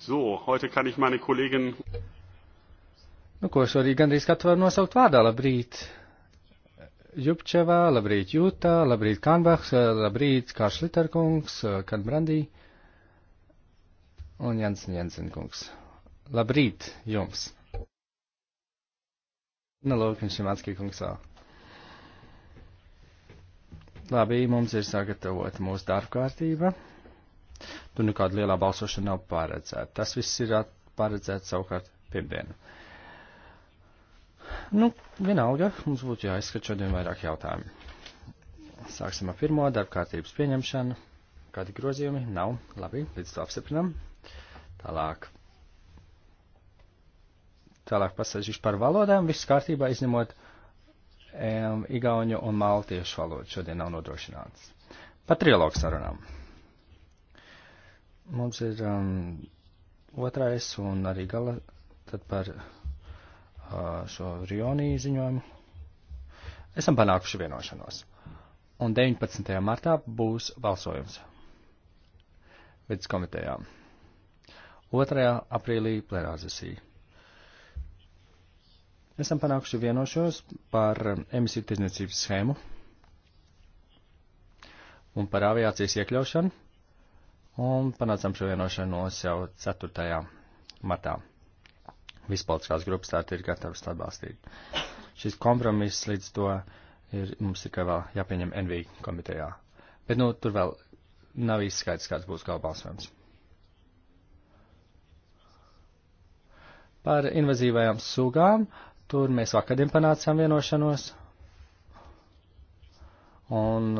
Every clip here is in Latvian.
So, heute kann ich meine Kollegin. Nu, ko šorīt gandrīz katru var nosaukt vārdā. Labrīt, Jupčevā, labrīt, Jūtā, labrīt, Kanbachs, labrīt, Kāršliterkungs, Kanbrandī un Jansen Jensenkungs. Labrīt jums! Nu, lūk, viņš ir Matskīkungs vēl. Labi, mums ir sagatavota mūsu darbkārtība. kārtība. Tur nekāda lielā balsošana nav paredzēta. Tas viss ir paredzēts savukārt pirmdienu. Nu, vienalga, mums būtu jāizskat šodien vairāk jautājumu. Sāksim ar pirmo darba kārtības pieņemšanu. Kādi grozījumi? Nav. Labi, līdz to apstiprinam. Tālāk. Tālāk pasažīšu par valodām. Viss kārtībā izņemot um, igauņu un maltiešu valodu. Šodien nav nodrošināts. Par trilogu sarunām. Mums ir um, otrais un arī gala tad par uh, šo Rionī ziņojumu. Esam panākuši vienošanos. Un 19. martā būs balsojums vidas komitejā. 2. aprīlī plenārzesija. Esam panākuši vienošos par um, emisiju tirdzniecības schēmu un par aviācijas iekļaušanu Un panācām šo vienošanos jau 4. martā. Vispolitiskās grupas tā ir gatavas atbalstīt. Šis kompromiss līdz to ir mums tikai vēl jāpieņem NV komitejā. Bet, nu, tur vēl nav izskaidrs, kāds būs galvbalsojums. Par invazīvajām sugām, tur mēs vakardien panācām vienošanos. Un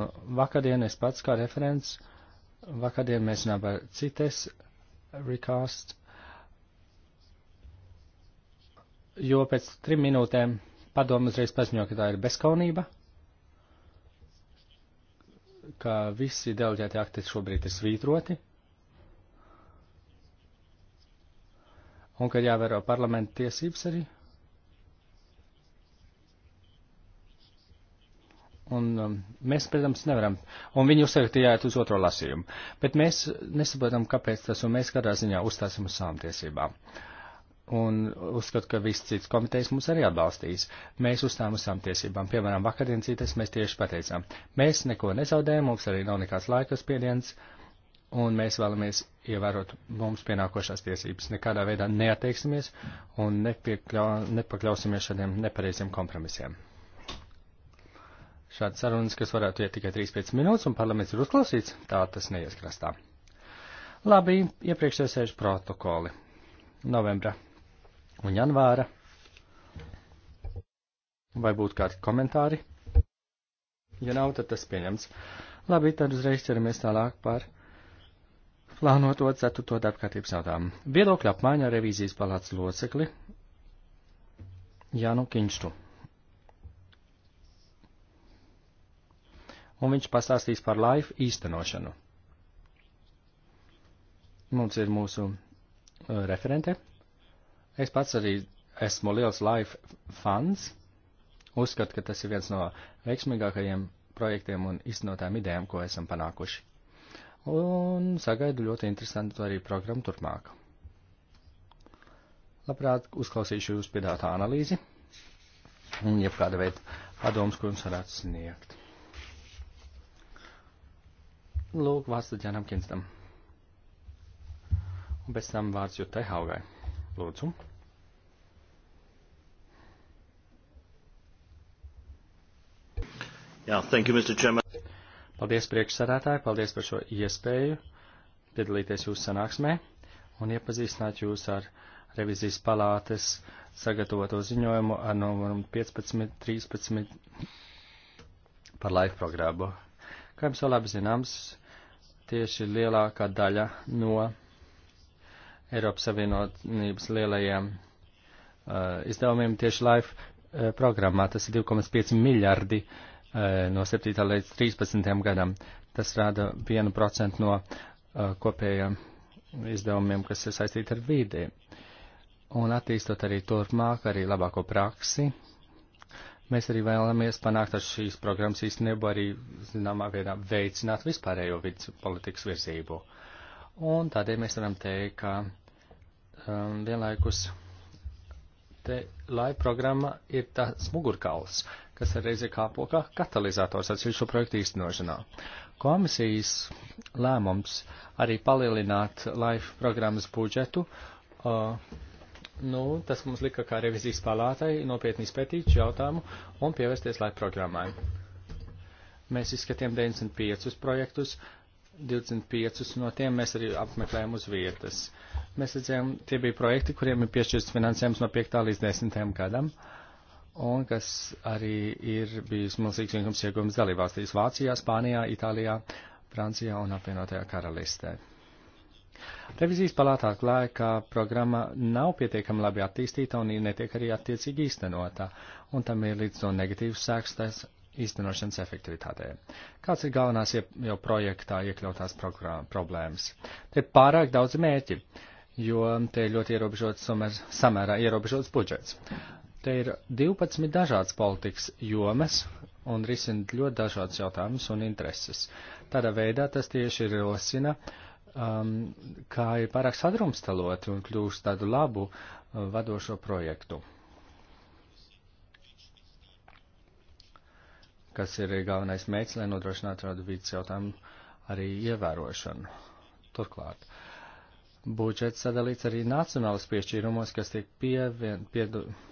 vakardien es pats kā referents uh, Vakardien mēs runājām par citas recast, jo pēc trim minūtēm padomu uzreiz paziņo, ka tā ir bezkaunība, ka visi delģēti akti šobrīd ir svītroti, un ka jāvēro parlamenta tiesības arī. Un um, mēs, protams, nevaram. Un viņi uzsaktīja uz otro lasījumu. Bet mēs nesaprotam, kāpēc tas, un mēs kādā ziņā uzstāsim uz savām tiesībām. Un uzskatu, ka viss cits komitejas mums arī atbalstīs. Mēs uzstājām uz savām tiesībām. Piemēram, vakardien citas mēs tieši pateicām. Mēs neko nezaudējam, mums arī nav nekāds laikas spiediens, un mēs vēlamies ievērot mums pienākošās tiesības. Nekādā veidā neatteiksimies un nepakļausimies šādiem nepareiziem kompromisiem šādas sarunas, kas varētu iet tikai 3-5 minūtes, un parlaments ir uzklausīts, tā tas neies krastā. Labi, iepriekšējais sēžu protokoli novembra un janvāra. Vai būtu kādi komentāri? Ja nav, tad tas pieņems. Labi, tad uzreiz ķeramies tālāk par plānoto ceturto darbkārtības jautājumu. Viedokļa apmaiņa revīzijas palāca locekli Jānu Kinštu. un viņš pastāstīs par laifu īstenošanu. Mums ir mūsu uh, referente. Es pats arī esmu liels laifa fans. Uzskatu, ka tas ir viens no veiksmīgākajiem projektiem un iznotām idejām, ko esam panākuši. Un sagaidu ļoti interesantu arī programmu turpmāk. Labprāt, uzklausīšu jūs piedātā analīzi un jebkāda veida padomus, ko jums varētu sniegt. Lūk, vārds Ģenam Kinstam. Un pēc tam vārds Jutai Haugai. Lūdzu. Jā, yeah, thank you, Mr. Chairman. Paldies priekšsarētāji, paldies par šo iespēju piedalīties jūsu sanāksmē un iepazīstināt jūs ar revizijas palātes sagatavoto ziņojumu ar numuru 15.13 par laika programmu. Kā jums vēl labi zināms, tieši lielākā daļa no Eiropas Savienotības lielajiem uh, izdevumiem tieši LIFE uh, programmā. Tas ir 2,5 miljardi uh, no 7. līdz 13. gadam. Tas rāda 1% no uh, kopējiem izdevumiem, kas ir saistīti ar vīdi. Un attīstot arī turpmāk arī labāko praksi, Mēs arī vēlamies panākt ar šīs programmas īstenību arī, zināmā veidā, veicināt vispārējo vidus politikas virzību. Un tādēļ mēs varam teikt, ka um, vienlaikus te, lai programma ir tas mugurkauls, kas reiz ir kāpo kā katalizators atsevišķu projektu īstenošanā. Komisijas lēmums arī palielināt LIFE programmas budžetu uh, Nu, tas mums lika kā revizijas palātai nopietni izpētīt šo jautājumu un pievērsties laika programmai. Mēs izskatījām 95 projektus, 25 no tiem mēs arī apmeklējām uz vietas. Mēs redzējām, tie bija projekti, kuriem ir piešķirts finansējums no 5. līdz 10. gadam, un kas arī ir bijis milzīgs vienkums iegums dalībvalstīs Vācijā, Spānijā, Itālijā, Francijā un apvienotajā karalistē. Revizijas palātā klāja, ka programma nav pietiekami labi attīstīta un netiek arī attiecīgi īstenotā, un tam ir līdz to negatīvs sēkstais īstenošanas efektivitātē. Kāds ir galvenās jau projektā iekļautās problēmas? Te ir pārāk daudz mērķi, jo te ir ļoti ierobežots, samērā ierobežots budžets. Te ir 12 dažādas politikas jomas un risina ļoti dažādas jautājumas un intereses. Tādā veidā tas tieši ir rosina uh, um, kā ir pārāk sadrumstalot un kļūst tādu labu uh, vadošo projektu. kas ir galvenais mērķis, lai nodrošinātu tādu vidas jautājumu arī ievērošanu. Turklāt, budžets sadalīts arī nacionālas piešķīrumos, kas tiek pievien, pie,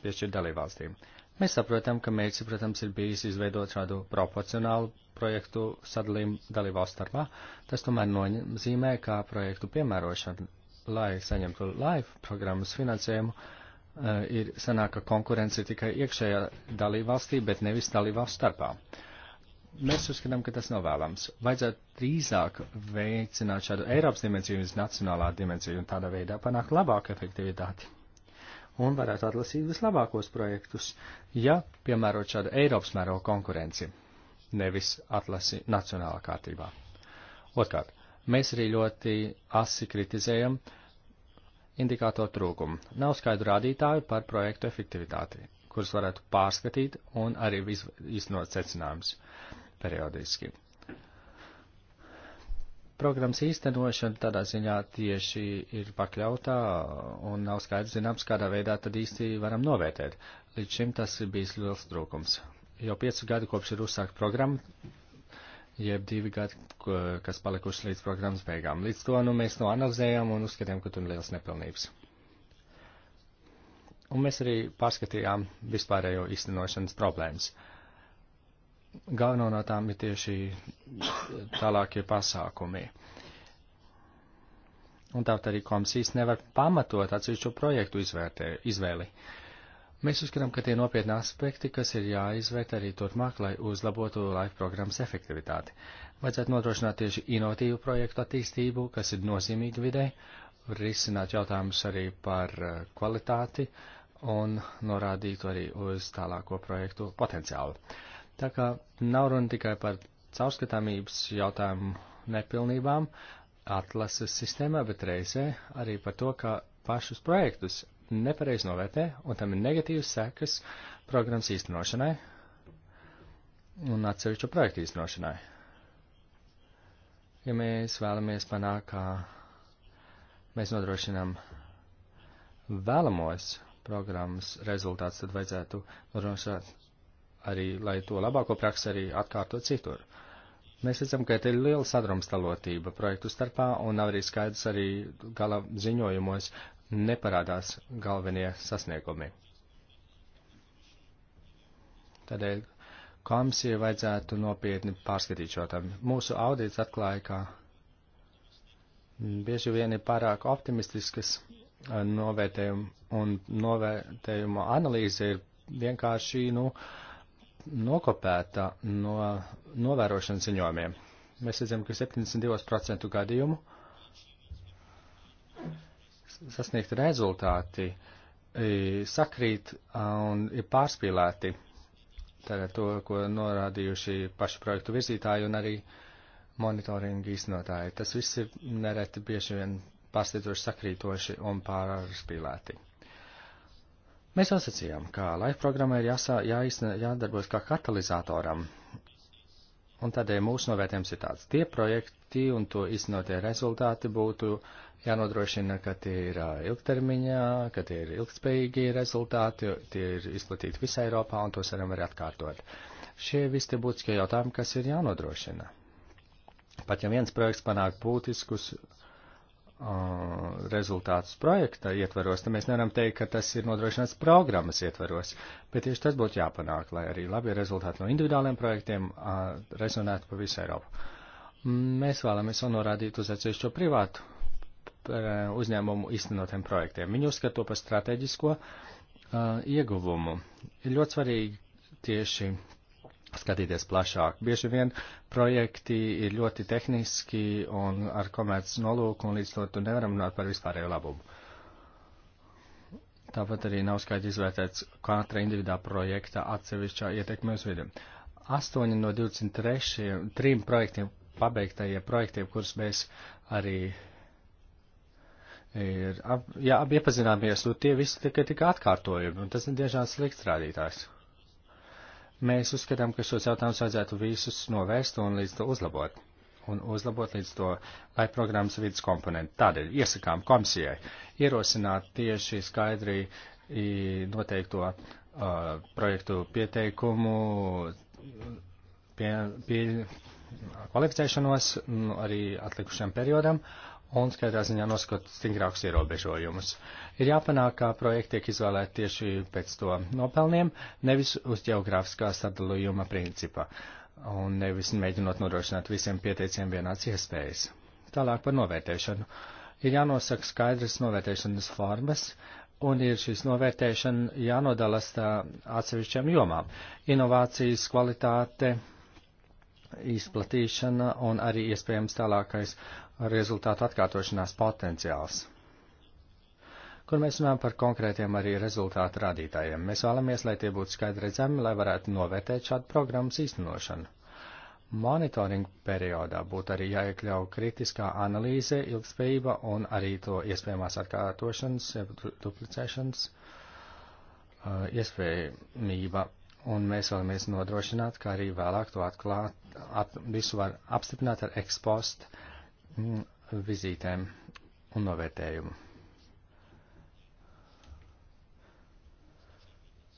piešķir dalībvalstīm. Uh, Mēs saprotam, ka mērķis, protams, ir bijis izveidot šādu proporcionālu projektu sadalījumu dalībvalstu starpā. Tas tomēr nozīmē, ka projektu piemērošana, lai saņemtu LIFE programmas finansējumu, eh, ir sanāk, ka konkurence ir tikai iekšējā dalībvalstī, bet nevis dalībvalstu starpā. Mēs uzskatām, ka tas nav vēlams. Vajadzētu drīzāk veicināt šādu Eiropas dimensiju uz nacionālā dimensiju un tādā veidā panākt labāku efektivitāti un varētu atlasīt vislabākos projektus, ja piemērot šādu Eiropas mēroga konkurenci, nevis atlasi nacionālā kārtībā. Otkārt, mēs arī ļoti asi kritizējam indikātoru trūkumu. Nav skaidru rādītāju par projektu efektivitāti, kurus varētu pārskatīt un arī iznot secinājumus periodiski programmas īstenošana tādā ziņā tieši ir pakļautā un nav skaidrs zināms, kādā veidā tad īsti varam novērtēt. Līdz šim tas ir bijis liels trūkums. Jau piecu gadu kopš ir uzsākt programma, jeb divi gadi, kas palikuši līdz programmas beigām. Līdz to nu, mēs no analizējām un uzskatījām, ka tur ir liels nepilnības. Un mēs arī pārskatījām vispārējo īstenošanas problēmas. Uh, galveno no tām ir tieši eh, tālākie pasākumi. Un tāpat arī komisijas nevar pamatot atsevišķo projektu izvērtē, izvēli. Mēs uzskatām, ka tie nopietni aspekti, kas ir jāizvērtē arī turpmāk, lai uzlabotu LIFE programmas efektivitāti. Vajadzētu nodrošināt tieši inovatīvu projektu attīstību, kas ir nozīmīgi videi, risināt jautājumus arī par eh, kvalitāti un norādīt arī uz tālāko projektu potenciālu. Uh, Tā kā nav runa tikai par caurskatāmības jautājumu nepilnībām atlases sistēmā, bet reizē arī par to, ka pašus projektus nepareiz novērtē un tam ir negatīvas sekas programmas īstenošanai un atsevišķu projektu īstenošanai. Ja mēs vēlamies panākt, ka mēs nodrošinām vēlamos programmas rezultāts, tad vajadzētu nodrošināt arī, lai to labāko praksi arī atkārto citur. Mēs redzam, ka te ir liela sadrumstalotība projektu starpā un arī skaidrs arī gala ziņojumos neparādās galvenie sasniegumi. Tādēļ komisija vajadzētu nopietni pārskatīt šo tam. Mūsu audits atklāja, ka bieži vien ir pārāk optimistiskas eh, novērtējuma un novērtējuma analīze ir vienkārši, nu, uh, nokopēta no novērošanas ziņojumiem. Mēs redzam, ka 72% gadījumu sasniegt rezultāti sakrīt un ir pārspīlēti. Tātad to, ko norādījuši paši projektu virzītāji un arī monitoringa īstenotāji. Tas viss ir nereti bieži vien pārsteidzoši sakrītoši un pārspīlēti. Mēs nosacījām, ka LIFE programmai ir jāsā, jāizsne, jādarbojas kā katalizatoram. Un tādēļ mūsu novērtējums ir tāds, tie projekti un to iznotie rezultāti būtu jānodrošina, ka tie ir ilgtermiņā, ka tie ir ilgspējīgi rezultāti, tie ir izplatīti visā Eiropā un tos varam arī atkārtot. Šie visi tie būtiskie jautājumi, kas ir jānodrošina. Pat ja viens projekts panāk būtiskus Uh, rezultātus projekta ietveros, tad mēs nevaram teikt, ka tas ir nodrošināts programmas ietveros, bet tieši tas būtu jāpanāk, lai arī labie rezultāti no individuāliem projektiem uh, rezonētu pa visu Eiropu. Mm, mēs vēlamies vēl norādīt uz atsevišķo privātu uh, uzņēmumu īstenotiem projektiem. Viņi uzskata to par strateģisko uh, ieguvumu. Ir ļoti svarīgi tieši skatīties plašāk. Bieži vien projekti ir ļoti tehniski un ar komerc nolūku, un līdz to tu nevaram runāt par vispārējo labumu. Tāpat arī nav skaidri izvērtēts katra individuā projekta atsevišķā ietekme uz vidi. 8 no 23 trim projektiem pabeigtajiem projektiem, kurus mēs arī ir, ap, jā, iepazināmies, nu tie visi tikai tika atkārtojumi, un tas ir diezgan slikts rādītājs. Mēs uzskatām, ka šos jautājumus vajadzētu visus novērst un līdz to uzlabot. Un uzlabot līdz to, lai programmas vidas komponenti. Tādēļ iesakām komisijai ierosināt tieši skaidri noteikto uh, projektu pieteikumu, pie, pie kvalificēšanos, nu, arī atlikušajam periodam, uh, un skaidrā ziņā nosakot stingrākus ierobežojumus. Ir jāpanāk, ka projekti tiek izvēlēti tieši pēc to nopelniem, nevis uz ģeogrāfiskā sadalījuma principa, un nevis mēģinot nodrošināt visiem pieteicējiem vienāds iespējas. Tālāk par novērtēšanu. Ir jānosaka skaidras novērtēšanas formas, un ir šīs novērtēšana jānodalas atsevišķiem jomām - inovācijas kvalitāte, izplatīšana un arī iespējams tālākais ar rezultātu atkārtošanās potenciāls. Kur mēs runājam par konkrētiem arī rezultātu rādītājiem. Mēs vēlamies, lai tie būtu skaidri redzami, lai varētu novērtēt šādu programmas īstenošanu. Monitoringa periodā būtu arī jāiekļau kritiskā analīze, ilgspējība un arī to iespējamās atkārtošanas, duplicēšanas uh, iespējamība. Un mēs vēlamies nodrošināt, ka arī vēlāk to atklāt, at, visu var apstiprināt ar ekspostu vizītēm un novērtējumu.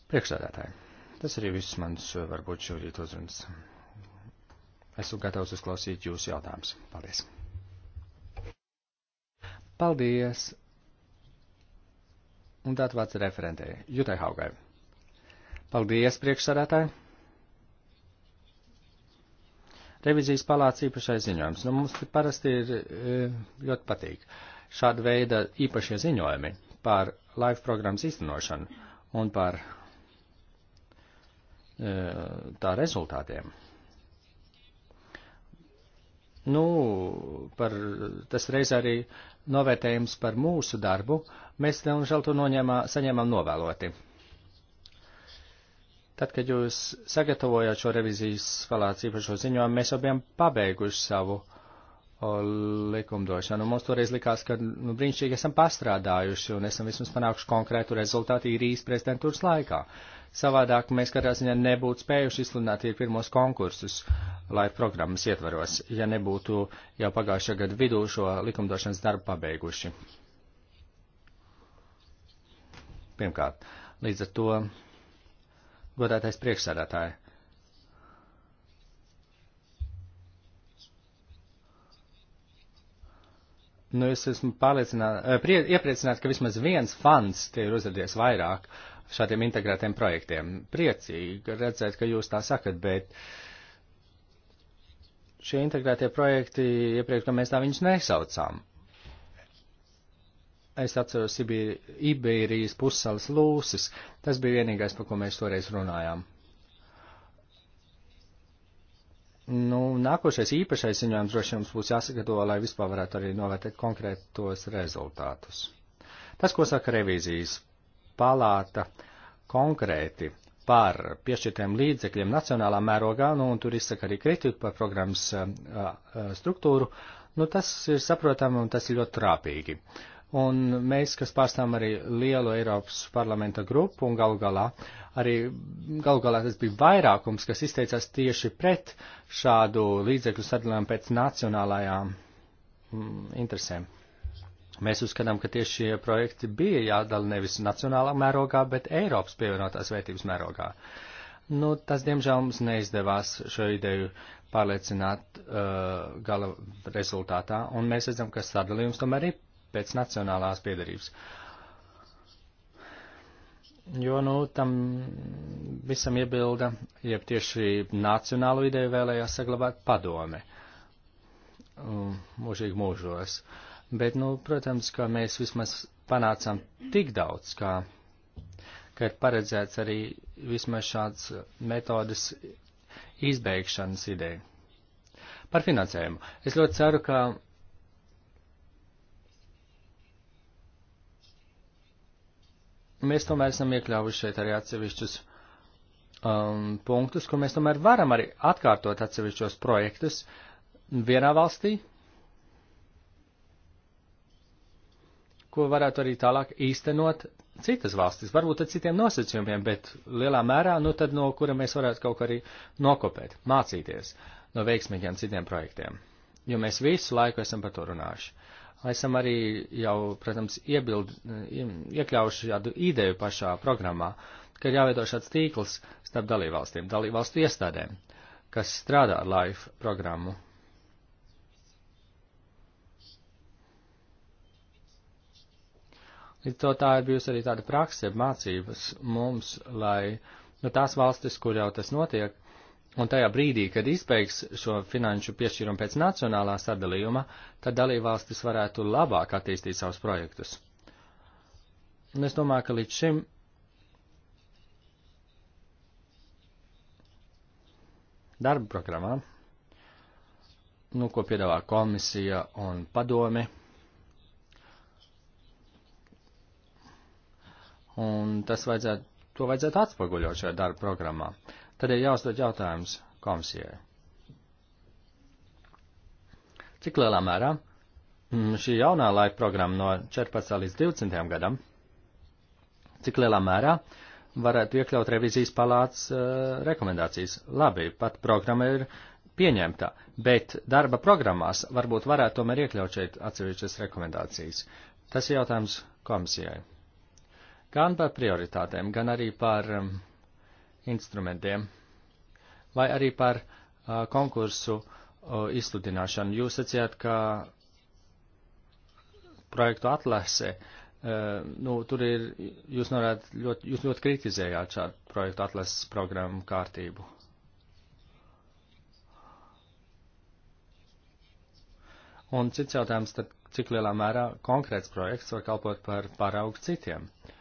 Priekšsādātāji, tas arī viss mans varbūt šorīt uzrunas. Esmu gatavs uzklausīt jūsu jautājumus. Paldies! Paldies! Un tātad vārds referentē Jutai Haugai. Paldies, priekšsādātāji! Revizijas palāca īpašais ziņojums. Nu, mums parasti ir e, ļoti patīk šāda veida īpašie ziņojumi par live programmas īstenošanu un par e, tā rezultātiem. Nu, par, tas reiz arī novērtējums par mūsu darbu, mēs, diemžēl, to noņēmā, saņēmām novēloti. Tad, kad jūs sagatavojāt šo revizijas palāca īpašo ziņojumu, mēs jau bijām pabeiguši savu o, likumdošanu. Mums toreiz likās, ka nu, brīnišķīgi esam pastrādājuši un esam vismaz panākuši konkrētu rezultātu īrijas prezidentūras laikā. Savādāk mēs katrā ziņā nebūtu spējuši izsludināt ir pirmos konkursus laiva programmas ietvaros, ja nebūtu jau pagājušā gada vidū šo likumdošanas darbu pabeiguši. Pirmkārt, līdz ar to godātais priekšsādātāji. Nu, es esmu eh, prie, iepriecināts, ka vismaz viens fans te ir uzradies vairāk šādiem integrētiem projektiem. Priecīgi redzēt, ka jūs tā sakat, bet šie integrētie projekti iepriekš, ka mēs tā viņus nesaucām es atceros Ibērijas pussalas lūsis. Tas bija vienīgais, par ko mēs toreiz runājām. Nu, nākošais īpašais ziņojums droši jums būs jāsagatavo, lai vispār varētu arī novērtēt konkrētos rezultātus. Tas, ko saka revīzijas palāta konkrēti par piešķirtiem līdzekļiem nacionālā mērogā, nu, un tur izsaka arī kritiku par programmas uh, struktūru, nu, tas ir saprotami un tas ir ļoti trāpīgi. Uh, Un mēs, kas pārstāvam arī lielu Eiropas parlamenta grupu un galu galā, arī galu galā tas bija vairākums, kas izteicās tieši pret šādu līdzekļu sadalījumu pēc nacionālajām mm, interesēm. Mēs uzskatām, ka tieši šie projekti bija jādala nevis nacionālā mērogā, bet Eiropas pievienotās vērtības mērogā. Nu, tas, diemžēl, mums neizdevās šo ideju pārliecināt uh, gala rezultātā, un mēs redzam, ka sadalījums tomēr ir pēc nacionālās piedarības. Jo, nu, tam visam iebilda, jeb tieši nacionālu ideju vēlējās saglabāt padome. Mūžīgi mūžos. Bet, nu, protams, ka mēs vismaz panācām tik daudz, kā, ka ir paredzēts arī vismaz šāds metodas izbeigšanas ideja. Par finansējumu. Es ļoti ceru, ka mēs tomēr esam iekļāvuši šeit arī atsevišķus um, punktus, kur mēs tomēr varam arī atkārtot atsevišķos projektus vienā valstī, ko varētu arī tālāk īstenot citas valstis, varbūt ar citiem nosacījumiem, bet lielā mērā, nu tad no kura mēs varētu kaut ko arī nokopēt, mācīties no veiksmīgiem citiem projektiem, jo mēs visu laiku esam par to runājuši esam arī jau, protams, iebild, eh, iekļaujuši tādu ideju pašā programmā, ka ir jāveido šāds tīkls starp dalībvalstīm, dalībvalstu iestādēm, kas strādā ar LIFE programmu. Līdz to tā ir bijusi arī tāda praksa, mācības mums, lai no nu, tās valstis, kur jau tas notiek, Un tajā brīdī, kad izbeigs šo finanšu piešķīrumu pēc nacionālā sadalījuma, tad dalībvalstis varētu labāk attīstīt savus projektus. Un es domāju, ka līdz šim darba programmā, nu, ko piedāvā komisija un padome, un tas vajadzētu, to vajadzētu atspoguļot šajā darba programmā. Uh, Tad ir jāuzdod jautājums komisijai. Cik lielā mērā mm, šī jaunā laika programma no 14 līdz 20 gadam, cik lielā mērā varētu iekļaut revizijas palāts uh, eh, rekomendācijas? Labi, pat programma ir pieņemta, bet darba programmās varbūt varētu tomēr iekļaut šeit atsevišķas rekomendācijas. Tas ir jautājums komisijai. Gan par prioritātēm, gan arī par um, instrumentiem, vai arī par uh, konkursu uh, izsludināšanu. Jūs sacījāt, ka projektu atlasē, uh, nu, tur ir, jūs norādat, ļoti, jūs ļoti kritizējāt šādu projektu atlases programmu kārtību. Un cits jautājums, tad cik lielā mērā konkrēts projekts var kalpot par paraugu citiem. Uh,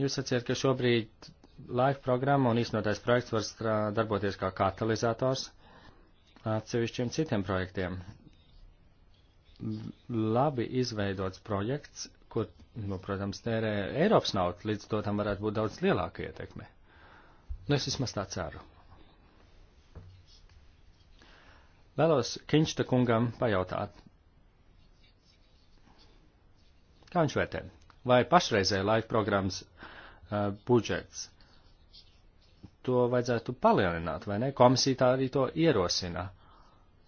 Jūs sacījāt, ka šobrīd laika programma un īstenotais projekts var strā, darboties kā katalizators atsevišķiem citiem projektiem. Labi izveidots projekts, kur, nu, protams, tērē Eiropas naudu, līdz to tam varētu būt daudz lielāka ietekme. Nu, es vismaz tā ceru. Vēlos Kinčta kungam pajautāt, kā viņš vērtē vai pašreizēja laika programmas uh, budžets. To vajadzētu palielināt, vai ne? Komisija tā arī to ierosina.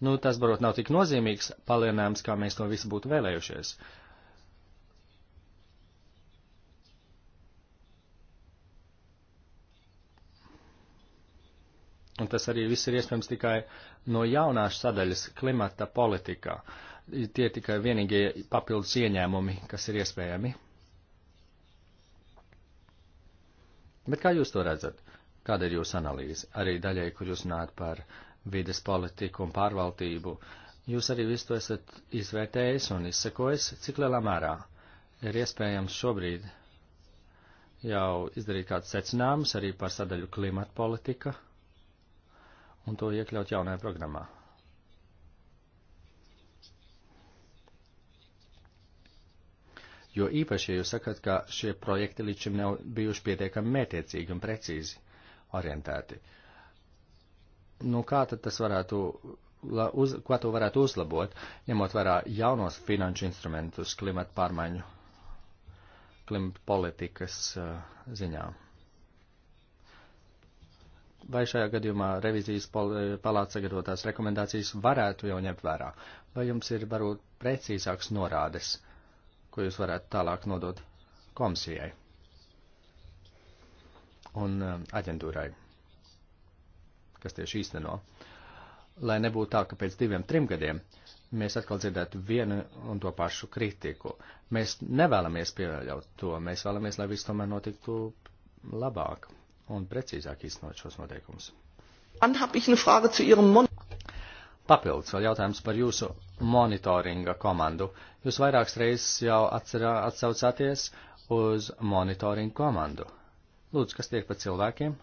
Nu, tas varbūt nav tik nozīmīgs palielinājums, kā mēs to visu būtu vēlējušies. Un tas arī viss ir iespējams tikai no jaunās sadaļas klimata politikā. Tie ir tikai vienīgie papildus ieņēmumi, kas ir iespējami. Bet kā jūs to redzat? Kāda ir jūsu analīze? Arī daļai, kur jūs runājat par vides politiku un pārvaldību, jūs arī visu to esat izvērtējis un izsekojis, cik lielā mērā ir iespējams šobrīd jau izdarīt kāds secinājums arī par sadaļu klimata politika un to iekļaut jaunajā programmā. Jo īpaši, ja jūs sakat, ka šie projekti līdz šim nav bijuši pietiekami mētiecīgi un precīzi orientēti, nu kā tad tas varētu, uz, ko to varētu uzlabot, ņemot vērā jaunos finanšu instrumentus klimata pārmaiņu, klimata politikas uh, ziņā? vai šajā gadījumā revizijas palāca sagatavotās rekomendācijas varētu jau ņemt vērā, vai jums ir varbūt precīzāks norādes ko jūs varētu tālāk nodot komisijai un um, aģentūrai, kas tieši īsteno. Lai nebūtu tā, ka pēc diviem, trim gadiem mēs atkal dzirdētu vienu un to pašu kritiku. Mēs nevēlamies pieļaut to, mēs vēlamies, lai viss tomēr notiktu labāk un precīzāk īstenot šos noteikumus. Papildus vēl jautājums par jūsu monitoringa komandu. Jūs vairākas reizes jau atcerā, atsaucāties uz monitoringa komandu. Lūdzu, kas tiek pa cilvēkiem?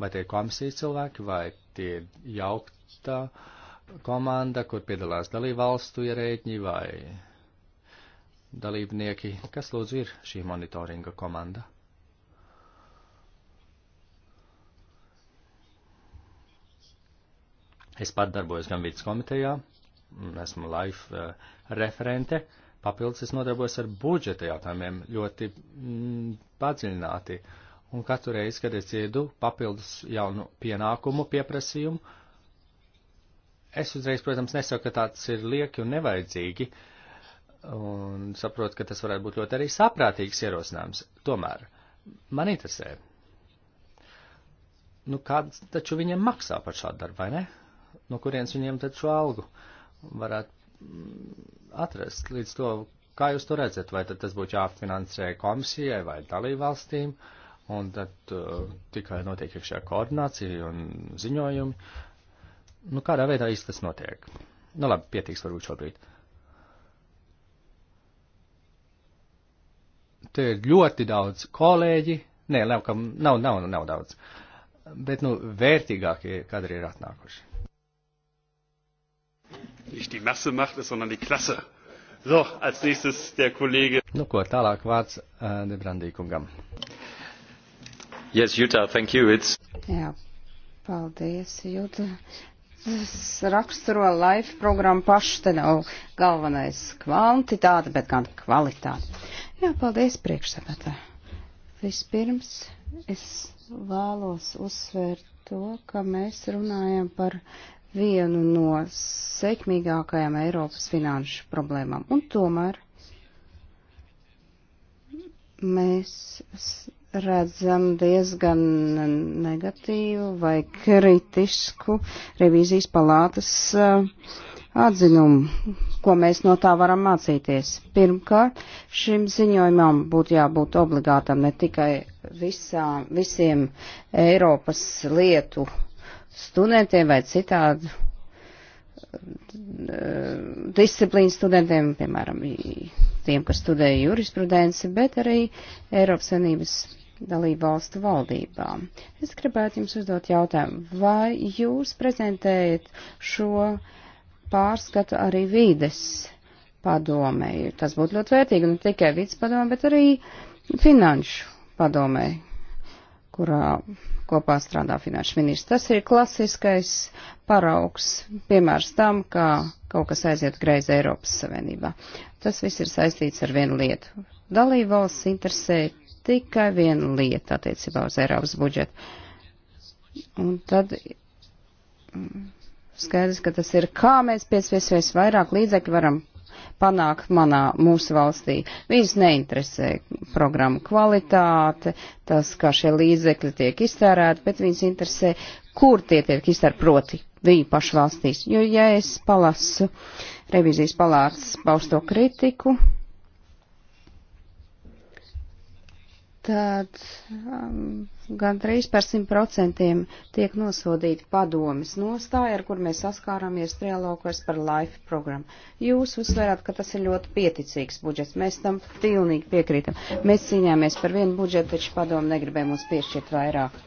Vai tie ir komisijas cilvēki, vai tie ir jaukta komanda, kur piedalās dalībvalstu ierēģi vai dalībnieki? Kas lūdzu ir šī monitoringa komanda? Es pat darbojos gan vidas komitejā, esmu LIFE uh, referente. Papildus es nodarbojos ar budžeta jautājumiem ļoti mm, padziļināti. Un katru reizi, kad es dzirdu papildus jaunu pienākumu pieprasījumu, es uzreiz, protams, nesaku, ka tāds ir lieki un nevajadzīgi, un saprotu, ka tas varētu būt ļoti arī saprātīgs ierosinājums. Tomēr man interesē, nu kāds taču viņiem maksā par šādu darbu, vai ne? No kurienes viņiem tad šo algu? Uh, varētu mm, atrast līdz to, kā jūs to redzat, vai tad tas būtu jāfinansē komisijai vai dalībvalstīm, un tad uh, tikai notiek iekšējā koordinācija un ziņojumi. Nu, kādā veidā īsti tas notiek? Nu, labi, pietiks varbūt šobrīd. Te ir ļoti daudz kolēģi, nē, nav, nav, nav, nav daudz, bet, nu, vērtīgākie kadri ir atnākuši nicht die Masse macht es, sondern die Klasse. So, als nächstes der Kollege. Nu, ko tālāk vārds uh, eh, Debrandīkungam. Yes, Jutta, thank you. It's... Jā, paldies, Jutta. Tas raksturo live programmu pašu, te nav galvenais kvantitāte, bet gan kvalitāte. Jā, paldies priekšsēdētā. Vispirms es vēlos uzsvērt to, ka mēs runājam par vienu no sekmīgākajām Eiropas finanšu problēmām. Un tomēr mēs redzam diezgan negatīvu vai kritisku revīzijas palātas atzinumu, ko mēs no tā varam mācīties. Pirmkārt, šim ziņojumam būtu jābūt obligātam ne tikai visā, visiem Eiropas lietu uh, studentiem vai citādu eh, disciplīnu studentiem, piemēram, tiem, kas studēja jurisprudenci, bet arī Eiropas Savienības dalību valstu valdībām. Es gribētu jums uzdot jautājumu, vai jūs prezentējat šo pārskatu arī vīdes padomē? Tas būtu ļoti vērtīgi ne tikai vīdes padomē, bet arī finanšu padomē, kurā kopā strādā finanšu ministrs. Tas ir klasiskais paraugs, piemērs tam, kā kaut kas aiziet greizi Eiropas Savienībā. Tas viss ir saistīts ar vienu lietu. Dalība valsts interesē tikai viena lieta attiecībā uz Eiropas budžetu. Un tad mm, skaidrs, ka tas ir, kā mēs piespiesies vairāk līdzekļu varam panākt manā mūsu valstī. Viņus neinteresē programma kvalitāte, tas, kā šie līdzekļi tiek iztērēti, bet viņus interesē, kur tie tiek iztērēti proti viņu pašu valstīs. Jo, ja es palasu revizijas palātas pausto kritiku, tad um, gan 3 par 100 procentiem tiek nosodīta padomis nostāja, ar kur mēs saskārāmies trialogos par LIFE programmu. Jūs uzsverāt, ka tas ir ļoti pieticīgs budžets. Mēs tam pilnīgi piekrītam. Mēs cīņāmies par vienu budžetu, taču padomu negribēja mums piešķirt vairāk.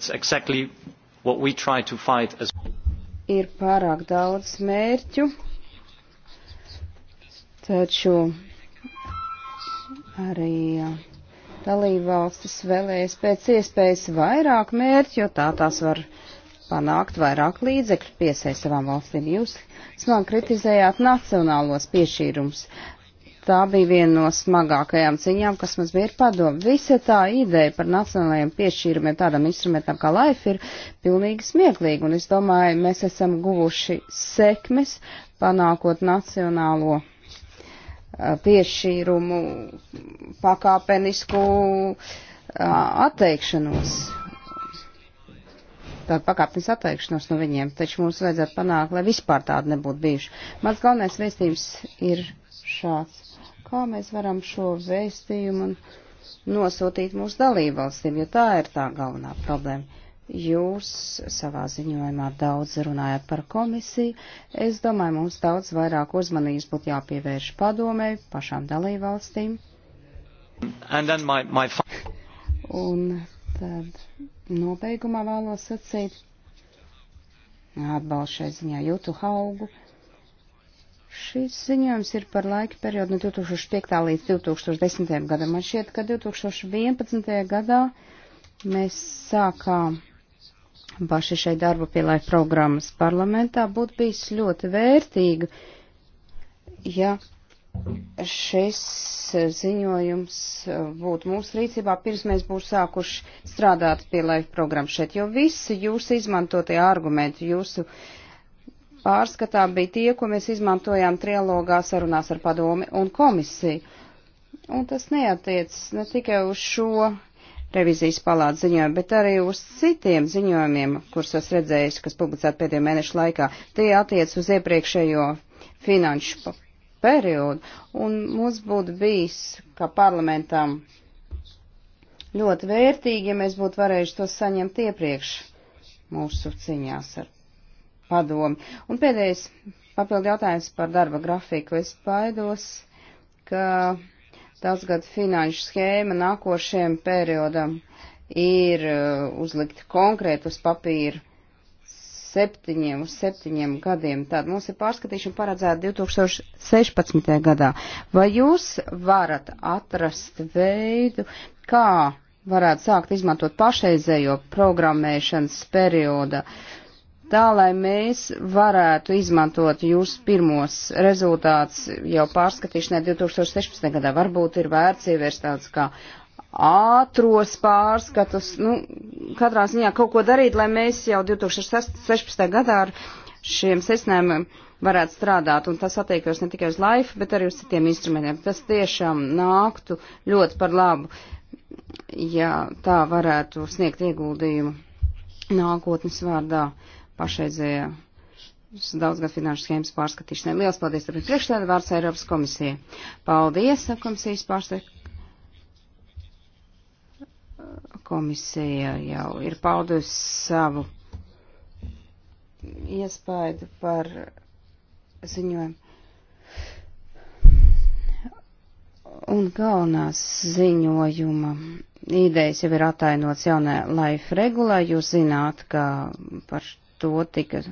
Exactly as... Ir pārāk daudz mērķu, taču arī. Uh, dalībvalstis vēlējas pēc iespējas vairāk mērķi, jo tā tās var panākt vairāk līdzekļu piesaist savām valstīm. Jūs smagi kritizējāt nacionālos piešķīrums. Tā bija viena no smagākajām ciņām, kas mums bija padomu. Visa tā ideja par nacionālajiem piešķīrumiem tādam instrumentam kā LIFE ir pilnīgi smieklīga, un es domāju, mēs esam guvuši sekmes panākot nacionālo piešķīrumu pakāpenisku atteikšanos. Tāda pakāpenis atteikšanos no viņiem, taču mums vajadzētu panākt, lai vispār tāda nebūtu bijuši. Mans galvenais vēstījums ir šāds. Kā mēs varam šo vēstījumu nosūtīt mūsu dalībvalstīm, jo tā ir tā galvenā problēma Jūs savā ziņojumā daudz runājat par komisiju. Es domāju, mums daudz vairāk uzmanības būtu jāpievērš padomē, pašām dalībvalstīm. My, my... Un tad nobeigumā vēlos sacīt atbalstu šai ziņā jūtu haugu. Šis ziņojums ir par laika periodu no 2005. līdz 2010. gadam. Man šķiet, ka 2011. gadā mēs sākām paši šeit darbu pie lai programmas parlamentā būtu bijis ļoti vērtīgi, ja šis ziņojums būtu mūsu rīcībā, pirms mēs būtu sākuši strādāt pie lai programmas šeit, jo visi jūsu izmantotie argumenti, jūsu pārskatā bija tie, ko mēs izmantojām trialogā sarunās ar padomi un komisiju. Un tas neatiec ne tikai uz šo revizijas palātas ziņojumu, bet arī uz citiem ziņojumiem, kurus es redzēju, kas publicēti pēdējo mēnešu laikā. Tie attiec uz iepriekšējo finanšu periodu, un mums būtu bijis, kā parlamentam, ļoti vērtīgi, ja mēs būtu varējuši to saņemt iepriekš mūsu ciņās ar padomu. Un pēdējais papildu jautājums par darba grafiku. Es baidos, ka daudz gadu finanšu schēma nākošajam periodam ir uh, uzlikta konkrēti uz papīra septiņiem uz septiņiem gadiem. Tad mums ir pārskatīšana paredzēta 2016. gadā. Vai jūs varat atrast veidu, kā varētu sākt izmantot pašreizējo programmēšanas perioda uh, tā lai mēs varētu izmantot jūsu pirmos rezultātus jau pārskatīšanai 2016. gadā. Varbūt ir vērts ievērst tāds kā ātros pārskatus, nu, katrā ziņā kaut ko darīt, lai mēs jau 2016. gadā ar šiem secinājumiem varētu strādāt, un tas attiektos ne tikai uz laifu, bet arī uz citiem instrumentiem. Tas tiešām nāktu ļoti par labu, ja tā varētu sniegt ieguldījumu nākotnes vārdā. Uh, pašreizējā daudzgad finanšu schēmas pārskatīšanai. Lielas paldies, tāpēc priekšstādā vārds Eiropas komisija. Paldies, komisijas pārstāvja. Komisija jau ir paudusi savu iespaidu par ziņojumu. Un galvenās ziņojuma idejas jau ir atainots jaunā laifa regulā. Jūs zināt, ka par to tika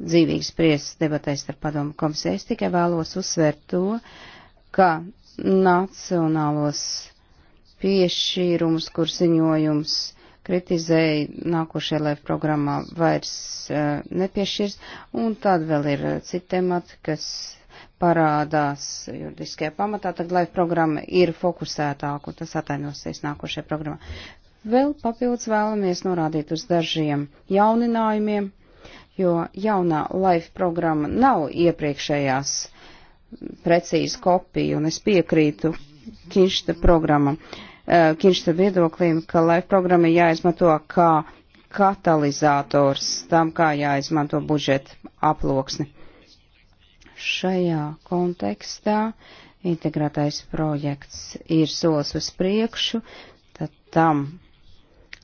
dzīvīgs priesas debatēs ar padomu komisiju. Es tikai vēlos uzsvērt to, ka nacionālos piešķīrums, kur ziņojums kritizēja nākošajā LF e programmā vairs uh, nepiešķirs, un tad vēl ir e, citi temati, kas parādās juridiskajā pamatā, tad LF programma ir fokusētāka, un tas atainosies nākošajā programmā. Vēl papildus vēlamies norādīt uz dažiem jauninājumiem, jo jaunā life programma nav iepriekšējās precīzi kopija, un es piekrītu Kinšta programmam, eh, Kinšta viedoklim, ka life programma jāizmanto kā katalizators tam, kā jāizmanto budžeta aploksni. Šajā kontekstā integrētais projekts ir solis uz priekšu, tad tam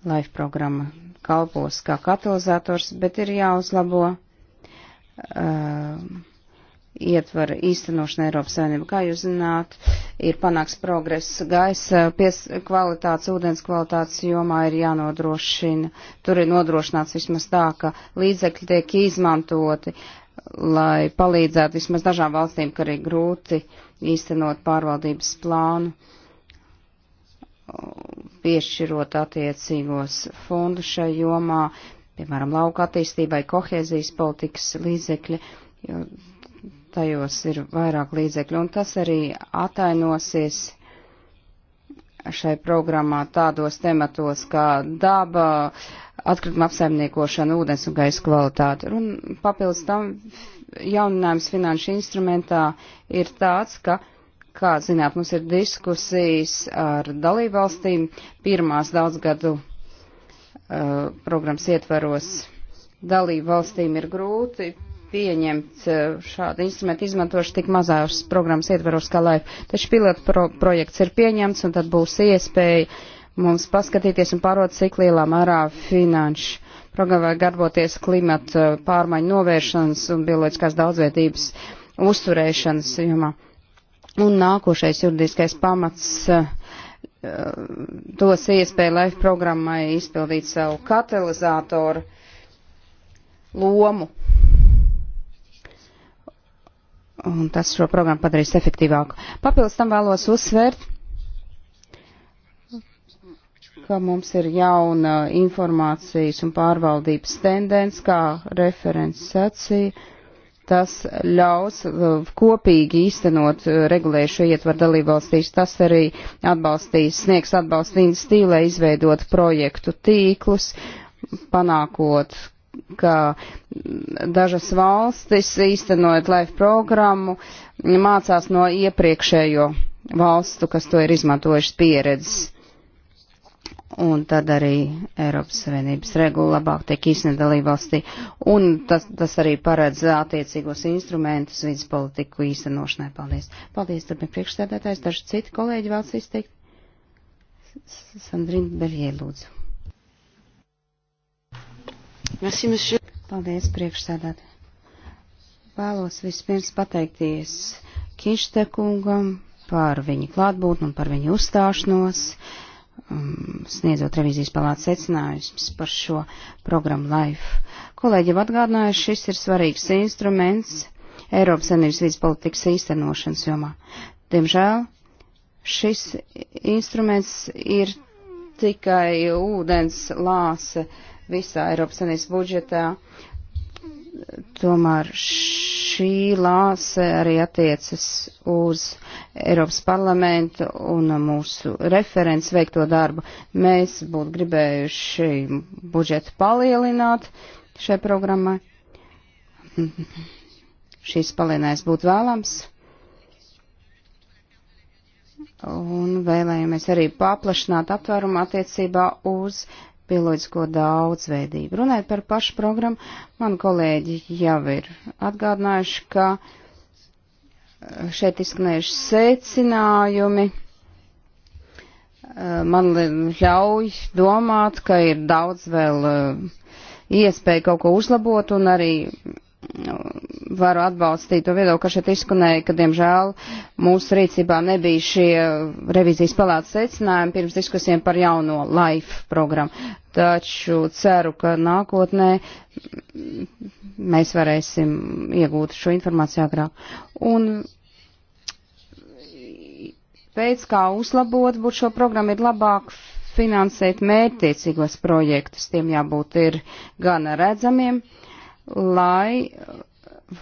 life programma kalpos kā katalizators, bet ir jāuzlabo uh, ietvara īstenošana Eiropas Savienībā. Kā jūs zināt, ir panāks progress gaisa pies, kvalitātes, ūdens kvalitātes jomā ir jānodrošina. Tur ir nodrošināts vismaz tā, ka līdzekļi tiek izmantoti, lai palīdzētu vismaz dažām valstīm, kur ir grūti īstenot pārvaldības plānu piešķirot attiecīgos fondus šai jomā, piemēram, lauka attīstībai, kohēzijas politikas līdzekļi, jo tajos ir vairāk līdzekļu, un tas arī atainosies šai programmā tādos tematos kā daba, atkrituma apsaimniekošana, ūdens un gaisa kvalitāte. Un papildus tam jauninājums finanšu instrumentā ir tāds, ka uh, Kā zināt, mums ir diskusijas ar dalībvalstīm pirmās daudzgadu uh, programmas ietvaros. Dalībvalstīm ir grūti pieņemt uh, šādu instrumentu izmantošu tik mazās programmas ietvaros kā laif. Taču pilotu pro projekts ir pieņemts un tad būs iespēja mums paskatīties un pārot, cik lielā mērā finanšu programmā garboties klimata uh, pārmaiņu novēršanas un bioloģiskās daudzveidības uzturēšanas jomā. Un nākošais juridiskais pamats uh, eh, dos eh, iespēju LIFE programmai izpildīt savu katalizātoru lomu. Un tas šo programmu padarīs efektīvāku. Papildus tam vēlos uzsvērt, ka mums ir jauna informācijas un pārvaldības tendence, kā referents sacīja Tas ļaus uh, kopīgi īstenot uh, regulējušo ietvaru dalībvalstīs. Tas arī atbalstīs, sniegs atbalstu institīvu, lai izveidot projektu tīklus, panākot, ka dažas valstis īstenojot live programmu mācās no iepriekšējo valstu, kas to ir izmantojušas pieredzes un tad arī Eiropas Savienības regula labāk tiek īstenot dalībvalstī, un tas, tas arī paredz attiecīgos instrumentus vidas politiku īstenošanai. Paldies. Paldies, turpin priekšstādātājs, daži citi kolēģi vēl izteikt. Sandrina Beļie, lūdzu. Merci, monsieur. Paldies, priekšstādātāji. Vēlos vispirms pateikties Kište kungam par viņa klātbūtni un par viņa uzstāšanos. Uh, um, sniedzot revizijas palātas secinājumus par šo programmu LIFE. Kolēģi jau atgādināja, šis ir svarīgs instruments Eiropas Savienības vidas politikas īstenošanas jomā. Diemžēl šis instruments ir tikai ūdens lāse visā Eiropas Savienības budžetā, Tomēr šī lāse arī attiecas uz Eiropas parlamentu un mūsu referents veikto darbu. Mēs būtu gribējuši budžetu palielināt šai programmai. Šīs palielinājums būtu vēlams. Un vēlējamies arī paplašināt aptvērumu attiecībā uz bioloģisko daudzveidību. Runājot par pašu programmu, mani kolēģi jau ir atgādinājuši, ka šeit izskanējuši secinājumi. Man ļauj domāt, ka ir daudz vēl eh, iespēju kaut ko uzlabot un arī varu atbalstīt to viedokli, ka šeit izskanēja, ka, diemžēl, mūsu rīcībā nebija šie revizijas palātas secinājumi pirms diskusijām par jauno LIFE programmu. Taču ceru, ka nākotnē mēs varēsim iegūt šo informāciju agrāk. Un veids, kā uzlabot būtu šo programmu, ir labāk finansēt mērķtiecīgos projektus. Tiem jābūt ir gan redzamiem. Uh, lai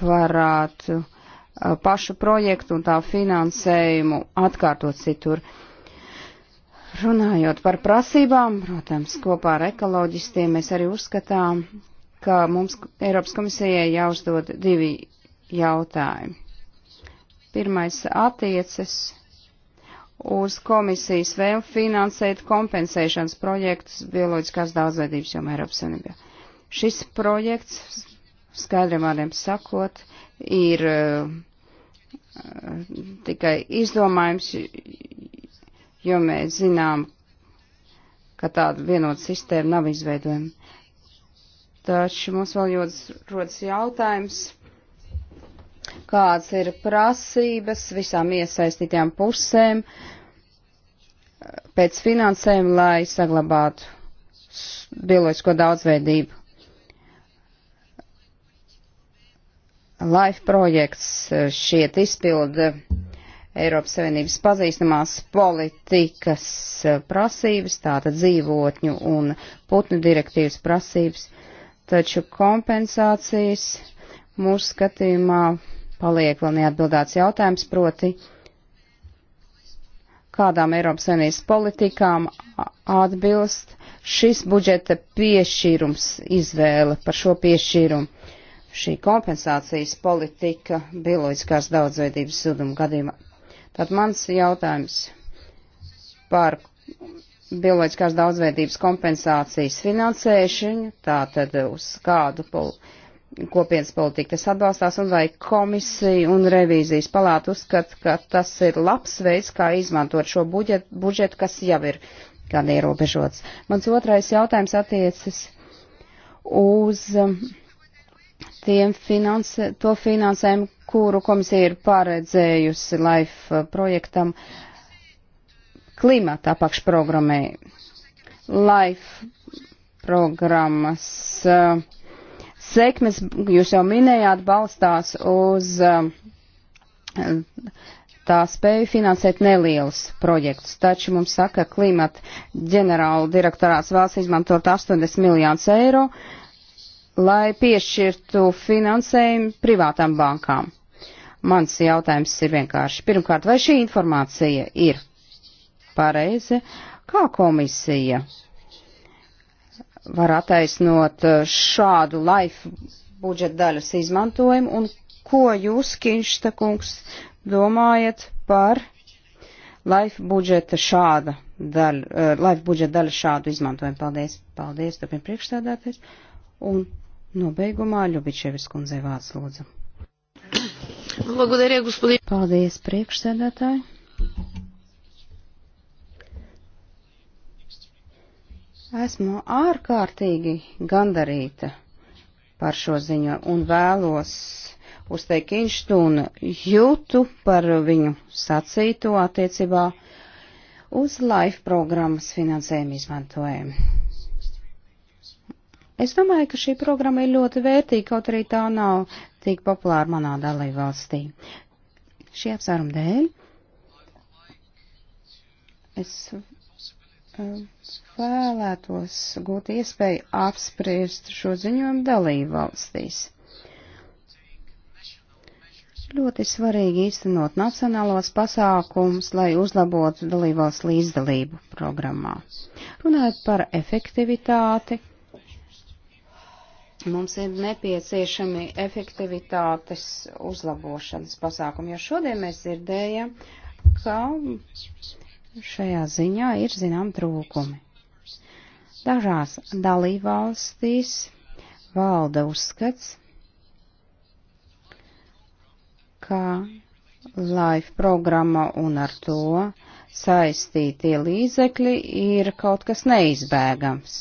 varētu uh, pašu projektu un tā finansējumu atkārtot citur. Runājot par prasībām, protams, kopā ar ekoloģistiem mēs arī uzskatām, ka mums Eiropas komisijai jāuzdod divi jautājumi. Pirmais attiecas uz komisijas vēl finansēt kompensēšanas projektus bioloģiskās daudzveidības jomā Eiropas Savienībā. Šis projekts skaidriem vārdiem sakot, ir eh, tikai izdomājums, jo mēs zinām, ka tāda vienota sistēma nav izveidojama. Taču mums vēl jodas, rodas jautājums, kāds ir prasības visām iesaistītajām pusēm eh, pēc finansējuma, lai saglabātu bioloģisko daudzveidību. LIFE projekts e, šiet izpilda Eiropas Savienības pazīstamās politikas e, prasības, tātad dzīvotņu un putnu direktīvas prasības, taču kompensācijas mūsu skatījumā paliek vēl neatbildāts jautājums, proti, kādām Eiropas Savienības politikām atbilst šis budžeta piešķīrums izvēle par šo piešķīrumu šī kompensācijas politika bioloģiskās daudzveidības zuduma gadījumā. Tad mans jautājums par bioloģiskās daudzveidības kompensācijas finansēšanu, tātad uz kādu pol kopienas politiku tas atbalstās un vai komisija un revīzijas palāta uzskata, ka tas ir labs veids, kā izmantot šo budžetu, budžetu kas jau ir gan ierobežots. Mans otrais jautājums attiecas uz. Um, tiem finansē, to finansējumu, kuru komisija ir paredzējusi LIFE uh, projektam klimata apakšprogrammai. LIFE programmas uh, sekmes, jūs jau minējāt, balstās uz uh, tā spēju finansēt nelielus projektus. Taču mums saka, klimata ģenerāla direktorāts vēlas izmantot 80 miljonus eiro. Uh, lai piešķirtu finansējumu privātām bankām. Mans jautājums ir vienkārši. Pirmkārt, vai šī informācija ir pareizi? Kā komisija var attaisnot šādu laifu budžeta daļas izmantojumu un ko jūs, Kinšta kungs, domājat par laifu budžeta šāda daļa, eh, laifu budžeta daļa šādu izmantojumu? Paldies, paldies, tāpēc priekšstādātais. Un Nobeigumā Ļubičevis kundzei vārds lūdzu. Paldies, priekšsēdētāji. Esmu ārkārtīgi gandarīta par šo ziņu un vēlos uzteikt Inštūnu jūtu par viņu sacīto attiecībā uz life programmas finansējumu izmantojumu. Es domāju, ka šī programma ir ļoti vērtīga, kaut arī tā nav tik populāra manā dalībvalstī. Šī apsvēruma dēļ es uh, vēlētos gūt iespēju apspriest šo ziņojumu dalībvalstīs. Ļoti svarīgi īstenot nacionālos pasākums, lai uzlabotu dalībvalsts līdzdalību programmā. Runājot par efektivitāti Mums ir nepieciešami efektivitātes uzlabošanas pasākumi, jo šodien mēs dzirdējam, ka šajā ziņā ir zinām trūkumi. Dažās dalībvalstīs valda uzskats, kā live programma un ar to saistītie līdzekļi ir kaut kas neizbēgams.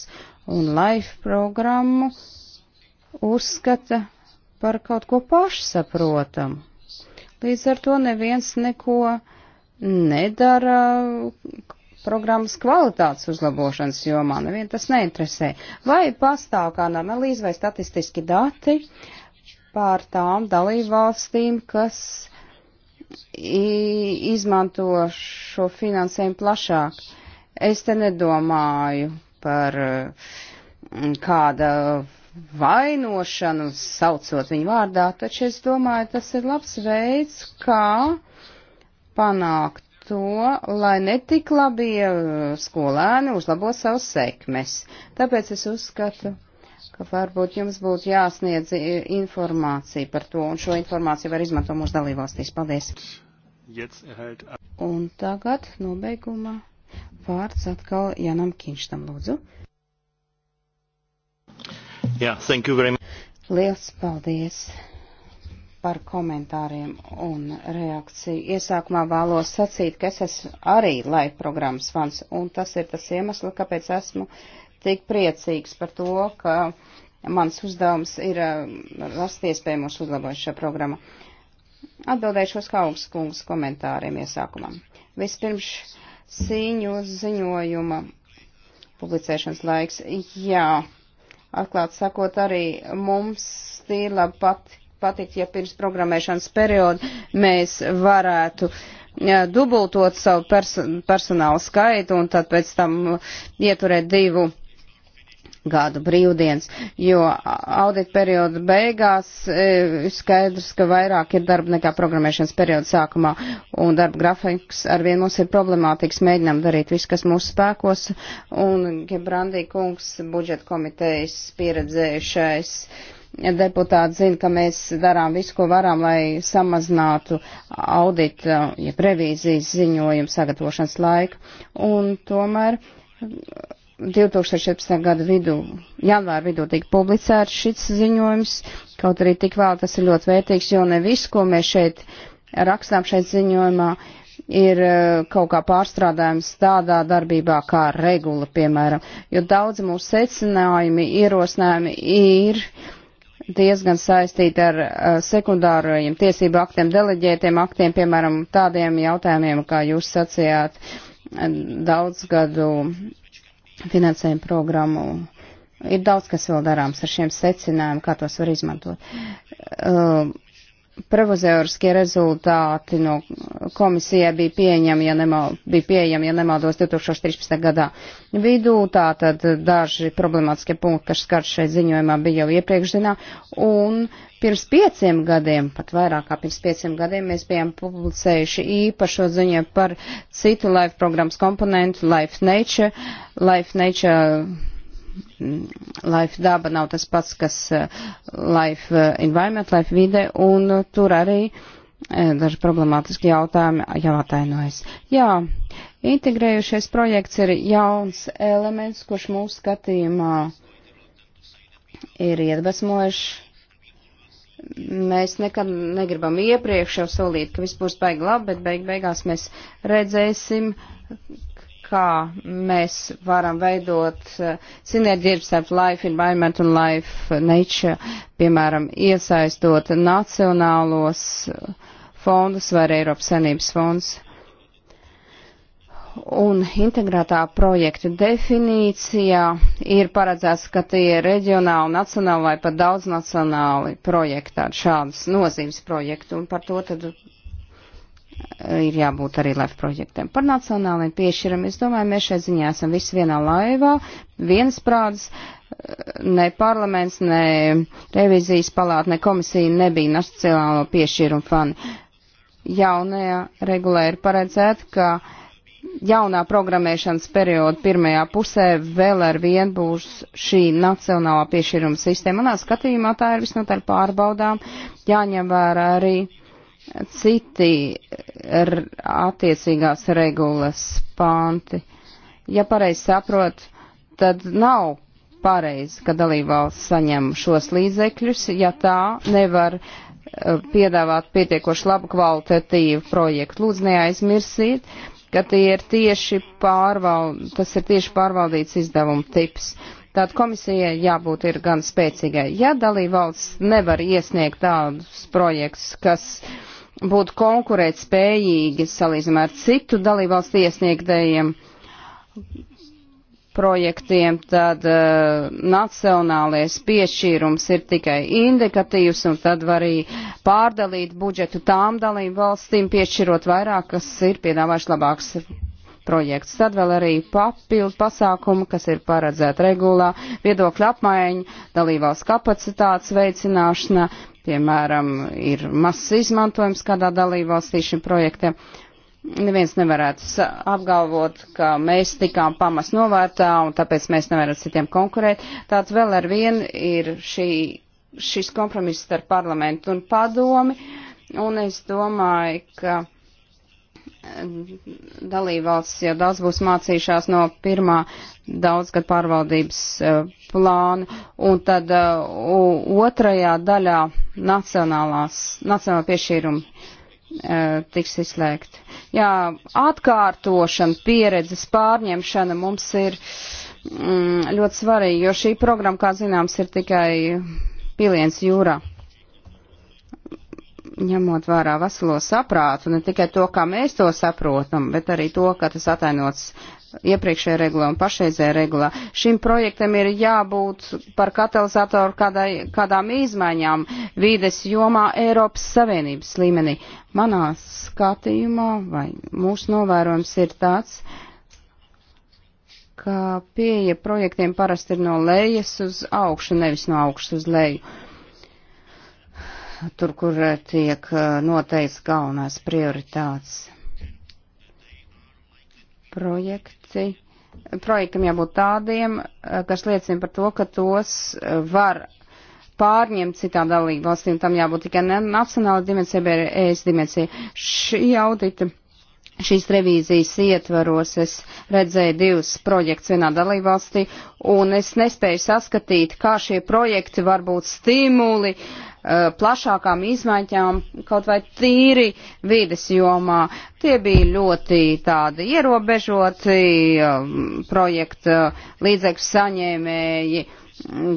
Un live programmu uzskata par kaut ko pašsaprotamu. Līdz ar to neviens neko nedara programmas kvalitātes uzlabošanas jomā, nevien tas neinteresē. Vai pastāv kāda analīze vai statistiski dati pār tām dalībvalstīm, kas izmanto šo finansējumu plašāk? Es te nedomāju par mm, kāda vainošanu, saucot viņu vārdā, taču es domāju, tas ir labs veids, kā panākt to, lai netik labie eh, skolēni uzlabo savus sekmes. Tāpēc es uzskatu, ka varbūt jums būtu jāsniedz eh, informācija par to, un šo informāciju var izmantot mūsu dalībvalstīs. Paldies! Un tagad nobeigumā vārds atkal Janam Kinštam, lūdzu. Yeah, thank you very much. Liels paldies par komentāriem un reakciju. Iesākumā vēlos sacīt, ka es esmu arī laiva programmas fans, un tas ir tas iemesls, kāpēc esmu tik priecīgs par to, ka mans uzdevums ir eh, rast iespēju mūs uzlabot šo programmu. Atbildēšu uz Kaugas kungas komentāriem iesākumā. Vispirms sīņu ziņojuma publicēšanas laiks. Jā atklāt sakot, arī mums tīla pat, patikt, ja pirms programmēšanas perioda mēs varētu ja, dubultot savu perso personālu skaitu un tad pēc tam ieturēt divu gada brīvdienas, jo audit perioda beigās e, skaidrs, ka vairāk ir darba nekā programmēšanas perioda sākumā, un darba grafiks arvien mums ir problemātīgs, mēģinām darīt visu, kas mūsu spēkos, un Gebrandī kungs, budžeta komitejas pieredzējušais deputāti zina, ka mēs darām visu, ko varam, lai samazinātu audita, ja revīzijas ziņojumu sagatavošanas laiku, un tomēr 2014. gada vidū, janvāra vidū tika publicēts šis ziņojums, kaut arī tik vēl tas ir ļoti vērtīgs, jo ne viss, ko mēs šeit rakstām šeit ziņojumā, ir e, kaut kā pārstrādājums tādā darbībā kā regula, piemēram, jo daudz mūsu secinājumi, ierosinājumi ir diezgan saistīti ar e, sekundārajiem tiesību aktiem, deleģētiem aktiem, piemēram, tādiem jautājumiem, kā jūs sacījāt, e, daudz gadu finansējumu programmu. Ir daudz, kas vēl darāms ar šiem secinājumiem, kā tos var izmantot. Uh, provizoriskie rezultāti no komisijai bija pieejami, ja, nemal, bija pieejami, ja nemaldos 2013. gadā vidū, tātad daži problemātiskie punkti, kas skar šai ziņojumā, bija jau iepriekš zinā, un pirms pieciem gadiem, pat vairāk kā pirms pieciem gadiem, mēs bijām publicējuši īpašo ziņu par citu Life programmas komponentu, Life Nature, Life Nature Life daba nav tas pats, kas eh, life eh, environment, life vide, un eh, tur arī daži problemātiski jautājumi jau atainojas. Jā, integrējušies projekts ir jauns elements, kurš mūsu skatījumā ir iedvesmojuši. Mēs nekad negribam iepriekš jau solīt, ka viss būs baigi labi, bet beig beigās mēs redzēsim, kā mēs varam veidot eh, sinerģiju starp Life Environment un Life Nature, piemēram, iesaistot nacionālos eh, fondus vai Eiropas Sanības fondus. Un integrētā projekta definīcijā ir paredzēts, ka tie ir reģionāli, nacionāli vai pat daudznacionāli projekti, tādi šādas nozīmes projekti, un par to tad ir jābūt arī LEF projektiem. Par nacionāliem piešķiram, es domāju, mēs šeit ziņā esam visi vienā laivā, vienas prādas, ne parlaments, ne revizijas palāta, ne komisija nebija nacionālo piešķirumu fani. Jaunajā regulē ir paredzēta, ka jaunā programmēšanas perioda pirmajā pusē vēl ar vien būs šī nacionālā piešķiruma sistēma. Manā skatījumā tā ir visnotaļ pārbaudām, jāņem vērā arī citi attiecīgās regulas panti. Ja pareizi saprot, tad nav pareizi, ka dalībvalsts saņem šos līdzekļus, ja tā nevar eh, piedāvāt pietiekoši labu kvalitatīvu projektu. Lūdzu, neaizmirsiet, ka tie ir tieši pārvald, tas ir tieši pārvaldīts izdevuma tips. Tātad komisijai jābūt ir gan spēcīgai. Ja dalībvalsts nevar iesniegt tādus projektus, kas uh, būtu konkurēt spējīgi salīdzinājumā ar citu dalībvalstu iesniegtajiem projektiem, tad uh, nacionālais piešķīrums ir tikai indikatīvs, un tad var arī pārdalīt budžetu tām dalību valstīm, piešķirot vairāk, kas ir piedāvājuši labāks projekts. Tad vēl arī papildu pasākumu, kas ir paredzēta regulā, viedokļa apmaiņa, dalībvalsts kapacitātes veicināšana, piemēram, ir mazs izmantojums kādā dalībvalstī šim projektam. Neviens nevarētu apgalvot, ka mēs tikām pamas novērtā un tāpēc mēs nevaram citiem konkurēt. Tāds vēl ar vienu ir šī, šis kompromiss starp parlamentu un padomi. Un es domāju, ka dalībvalsts jau daudz būs mācījušās no pirmā daudzgad pārvaldības eh, plāna, un tad eh, otrajā daļā nacionālās, nacionāla piešķīruma eh, tiks izslēgt. Jā, atkārtošana, pieredzes pārņemšana mums ir mm, ļoti svarīga, jo šī programma, kā zināms, ir tikai piliens jūrā ņemot vērā veselo saprātu, ne tikai to, kā mēs to saprotam, bet arī to, ka tas atainots iepriekšējā regulā un pašreizējā regulā. Šim projektam ir jābūt par katalizatoru kādai, kādām izmaiņām vīdes jomā Eiropas Savienības līmenī. Manā skatījumā vai mūsu novērojums ir tāds, ka pieeja projektiem parasti ir no lejas uz augšu, nevis no augšas uz leju. Uh, tur, kur eh, tiek eh, noteikts galvenās prioritātes. Projekti. Projektam jābūt tādiem, eh, kas liecina par to, ka tos var pārņemt citām dalību valstīm. Tam jābūt tikai nacionāla dimensija, bet ES dimensija. Šī audita. Šīs revīzijas ietvaros es redzēju divus projektus vienā dalībvalstī, un es nespēju saskatīt, kā šie projekti var būt stimuli uh, Eh, plašākām izmaiņām kaut vai tīri vides jomā. Tie bija ļoti tādi ierobežoti eh, projekta līdzekļu saņēmēji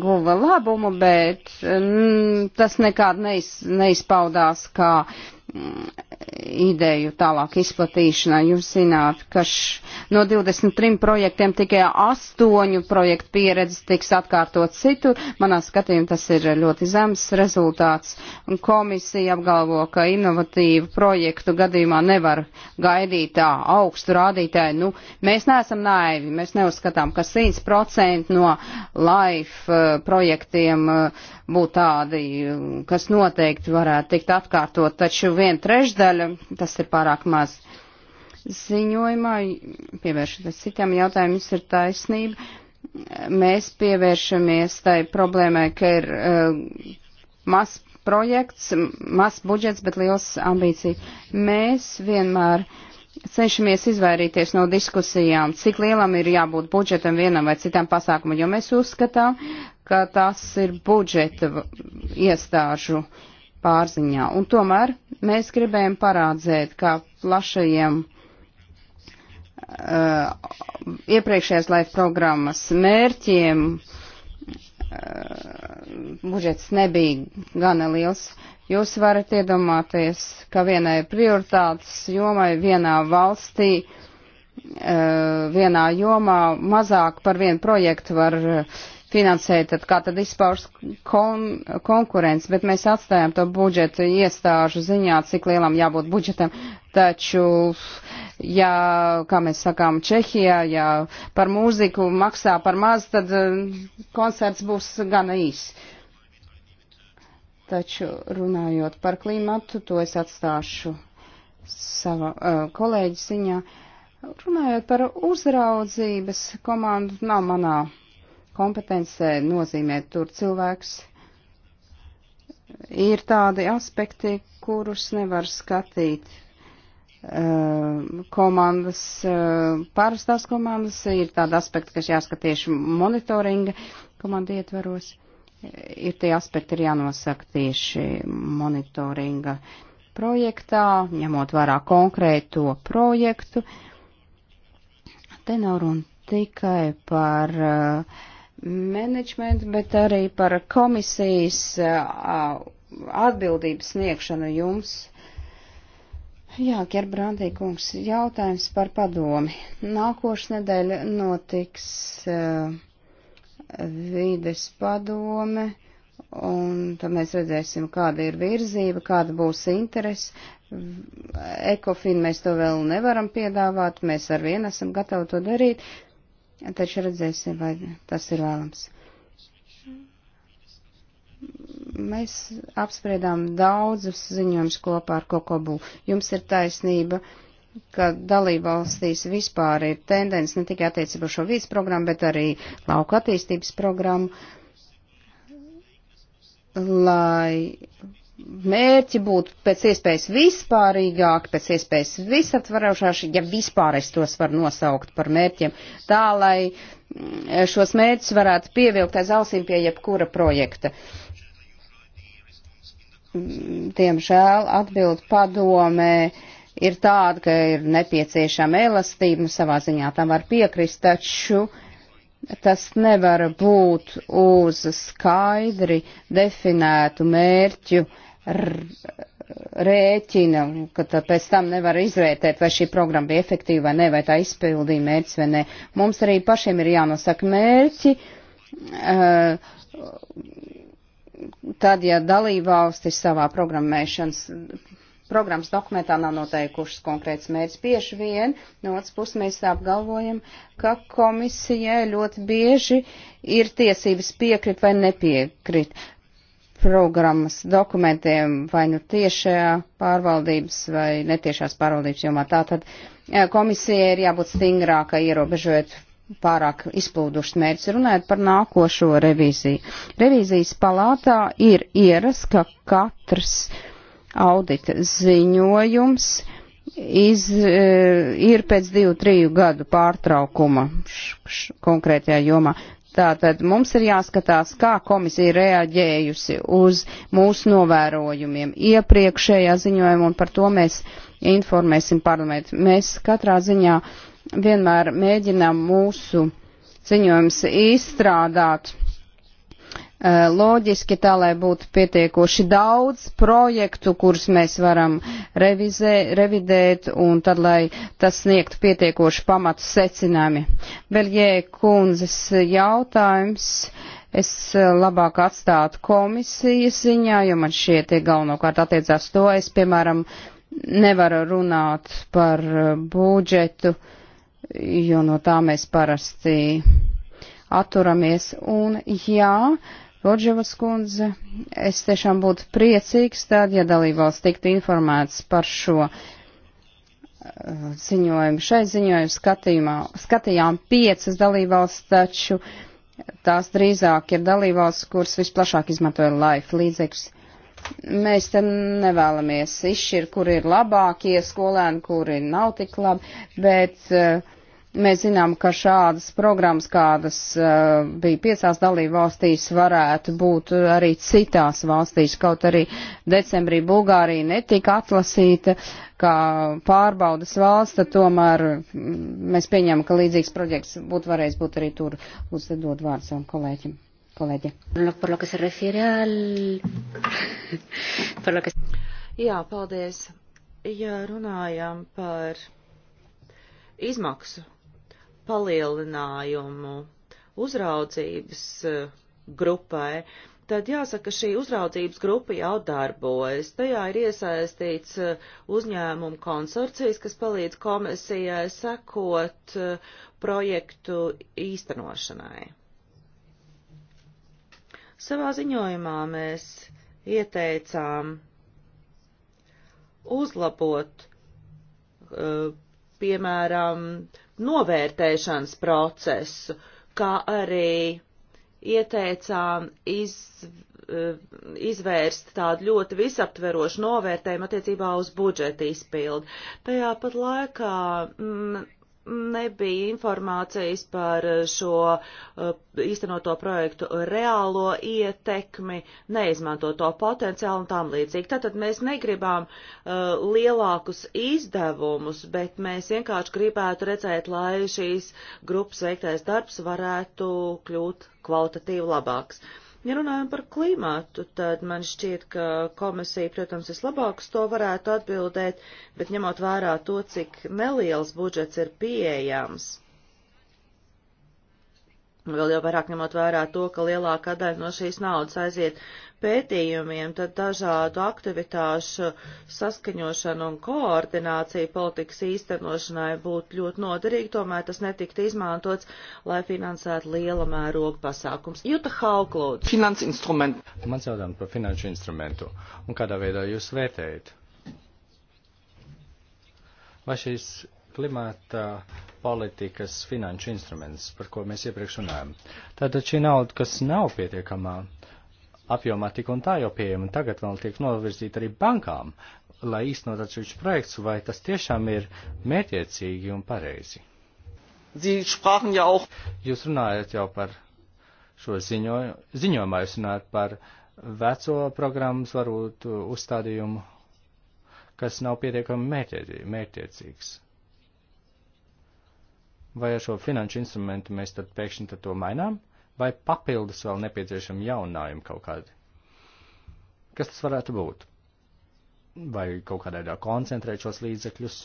guva labumu, bet mm, tas nekād neiz, neizpaudās kā mm, ideju tālāk izplatīšanai. Jūs zināt, ka š, no 23 projektiem tikai 8 projektu pieredze tiks atkārtot citur. Manā skatījumā tas ir ļoti zems rezultāts. Komisija apgalvo, ka inovatīvu projektu gadījumā nevar gaidīt tā augstu rādītāju. Nu, mēs neesam naivi, mēs neuzskatām, ka 100% no LIFE eh, projektiem eh, būtu tādi, eh, kas noteikti varētu tikt atkārtot, taču viena trešdaļa tas ir pārāk maz. Ziņojumā, pievēršoties citiem jautājumiem, ir taisnība. Mēs pievēršamies tai problēmai, ka ir uh, maz projekts, maz budžets, bet liels ambīcija. Mēs vienmēr cenšamies izvairīties no diskusijām, cik lielam ir jābūt budžetam vienam vai citam pasākumam, jo mēs uzskatām, ka tas ir budžeta iestāžu pārziņā. Un tomēr mēs gribējam parādzēt, kā plašajiem uh, iepriekšējās laika programmas mērķiem uh, budžets nebija gana liels. Jūs varat iedomāties, ka vienai prioritātes jomai vienā valstī, uh, vienā jomā mazāk par vienu projektu var uh, finansēt, tad kā tad izpaužas kon konkurence, bet mēs atstājām to budžetu iestāžu ziņā, cik lielam jābūt budžetam, taču, ja, kā mēs sakām, Čehijā, ja par mūziku maksā par maz, tad eh, koncerts būs gana īs. Taču runājot par klimatu, to es atstāšu sava uh, kolēģi ziņā. Runājot par uzraudzības komandu, nav manā kompetencē nozīmē tur cilvēks. Ir tādi aspekti, kurus nevar skatīt ehm, komandas, ehm, pārstās komandas, ir tāda aspekta, kas jāskatā tieši monitoringa komandu ietvaros. Ir tie aspekti, ir jānosaka tieši monitoringa projektā, ņemot vērā konkrēto projektu. Te nav runa tikai par uh, menedžmentu, bet arī par komisijas atbildības sniegšanu jums. Jā, Gerbrandī kungs, jautājums par padomi. Nākošais nedēļa notiks uh, vides padome, un tad mēs redzēsim, kāda ir virzība, kāda būs interese. Ekofin mēs to vēl nevaram piedāvāt, mēs ar vienu esam gatavi to darīt, taču redzēsim, vai tas ir vēlams. Mēs apspriedām daudzus ziņojumus kopā ar Kokobu. Jums ir taisnība, ka dalībvalstīs vispār ir tendence ne tikai attiecībā šo vīdes programmu, bet arī lauka attīstības programmu, lai mērķi būtu pēc iespējas vispārīgāki, pēc iespējas visatvarošāki, ja vispār es tos varu nosaukt par mērķiem, tā lai mm, šos mērķus varētu pievilkt aiz ausīm pie jebkura projekta. Mm, diemžēl atbild padomē ir tāda, ka ir nepieciešama elastība, nu savā ziņā tam var piekrist, taču uh, tas nevar būt uz skaidri definētu mērķu rēķina, ka pēc tam nevar izvērtēt, vai šī programma bija efektīva vai nē, vai tā izpildīja mērķis vai nē. Mums arī pašiem ir jānosaka mērķi. Eh, tad, ja dalībvalstis savā programmēšanas programmas dokumentā nav noteikušas konkrēts mērķis. Bieži vien, no otras puses, mēs apgalvojam, ka komisijai ļoti bieži ir tiesības piekrit vai nepiekrit programmas dokumentiem vai nu tiešajā pārvaldības vai netiešās pārvaldības jomā. Tātad eh, komisijai ir jābūt stingrākai ierobežojot pārāk izplūdušas mērķis, runājot par nākošo revīziju. Revīzijas palātā ir ieras, ka katrs uh, audita ziņojums iz, e, ir pēc divu, triju gadu pārtraukuma konkrētajā jomā. Tātad mums ir jāskatās, kā komisija reaģējusi uz mūsu novērojumiem iepriekšējā ziņojumā, un par to mēs informēsim parlamentu. Mēs katrā ziņā vienmēr mēģinām mūsu ziņojums izstrādāt Eh, loģiski tā, lai būtu pietiekoši daudz projektu, kurus mēs varam revizē, revidēt, un tad, lai tas sniegtu pietiekoši pamatu secinājumi. Beļģē kundzes jautājums es eh, labāk atstātu komisijas ziņā, jo man šie tie galvenokārt attiecās to. Es, piemēram, nevaru runāt par eh, budžetu, jo no tā mēs parasti atturamies. Un jā, ja, Lodževas kundze, es tiešām būtu priecīgs tad, ja dalībvalsts tiktu informēts par šo uh, ziņojumu. Šai ziņojumu skatījumā, skatījām piecas dalībvalsts, taču tās drīzāk ir dalībvalsts, kuras visplašāk izmantoja LIFE līdzekļus. Mēs te nevēlamies izšķirt, kur ir labākie skolēni, kuri nav tik labi, bet uh, Mēs zinām, ka šādas programmas, kādas uh, bija piecās dalību valstīs, varētu būt arī citās valstīs. Kaut arī decembrī Bulgārija netika atlasīta kā pārbaudas valsta, tomēr mm, mēs pieņemam, ka līdzīgs projekts būtu varējis būt arī tur. Lūdzu, dod vārdu savam kolēģim. Kolēģi. Jā, paldies. Ja runājam par izmaksu palielinājumu uzraudzības eh, grupai, tad jāsaka, šī uzraudzības grupa jau darbojas. Tajā ir iesaistīts eh, uzņēmumu konsorcijas, kas palīdz komisijai sekot eh, projektu īstenošanai. Savā ziņojumā mēs ieteicām uzlabot, piemēram, uh, novērtēšanas procesu, kā arī ieteicām iz, eh, izvērst tādu ļoti visaptverošu novērtējumu attiecībā uz budžeta izpildi. Tajā pat laikā m, mm, nebija informācijas par šo eh, īstenoto projektu reālo ietekmi, neizmanto to potenciālu un tam līdzīgi. Tātad mēs negribām uh, lielākus izdevumus, bet mēs vienkārši gribētu redzēt, lai šīs grupas veiktais darbs varētu kļūt kvalitatīvi labāks. Uh, Ja runājam par klimatu, tad man šķiet, ka komisija, protams, vislabāk uz to varētu atbildēt, bet ņemot vērā to, cik neliels budžets ir pieejams. Vēl jau vairāk ņemot vērā to, ka lielākā daļa no šīs naudas aiziet pētījumiem, tad dažādu aktivitāšu saskaņošana un koordinācija politikas īstenošanai būtu ļoti noderīgi, tomēr tas netiktu izmantots, lai finansētu liela mēroga pasākums. Juta Hauklūds. Finansinstrument. Mans jautājums par finanšu instrumentu. Un kādā veidā jūs vērtējat? Vai šīs klimata politikas finanšu instruments, par ko mēs iepriekš runājam. Tātad šī nauda, kas nav pietiekamā, apjomā tik un tā jau pieejama, tagad vēl tiek novirzīta arī bankām, lai īstenot atsevišķu projektu, vai tas tiešām ir mērķiecīgi un pareizi. Jūs runājat jau par šo ziņo, ziņojumā, jūs runājat par veco programmas varbūt uzstādījumu, kas nav pietiekami mērķiecīgs. Vai ar šo finanšu instrumentu mēs tad pēkšņi tad to mainām? vai papildus vēl nepieciešami jauninājumi kaut kādi. Kas tas varētu būt? Vai kaut kādā veidā koncentrēt šos līdzekļus?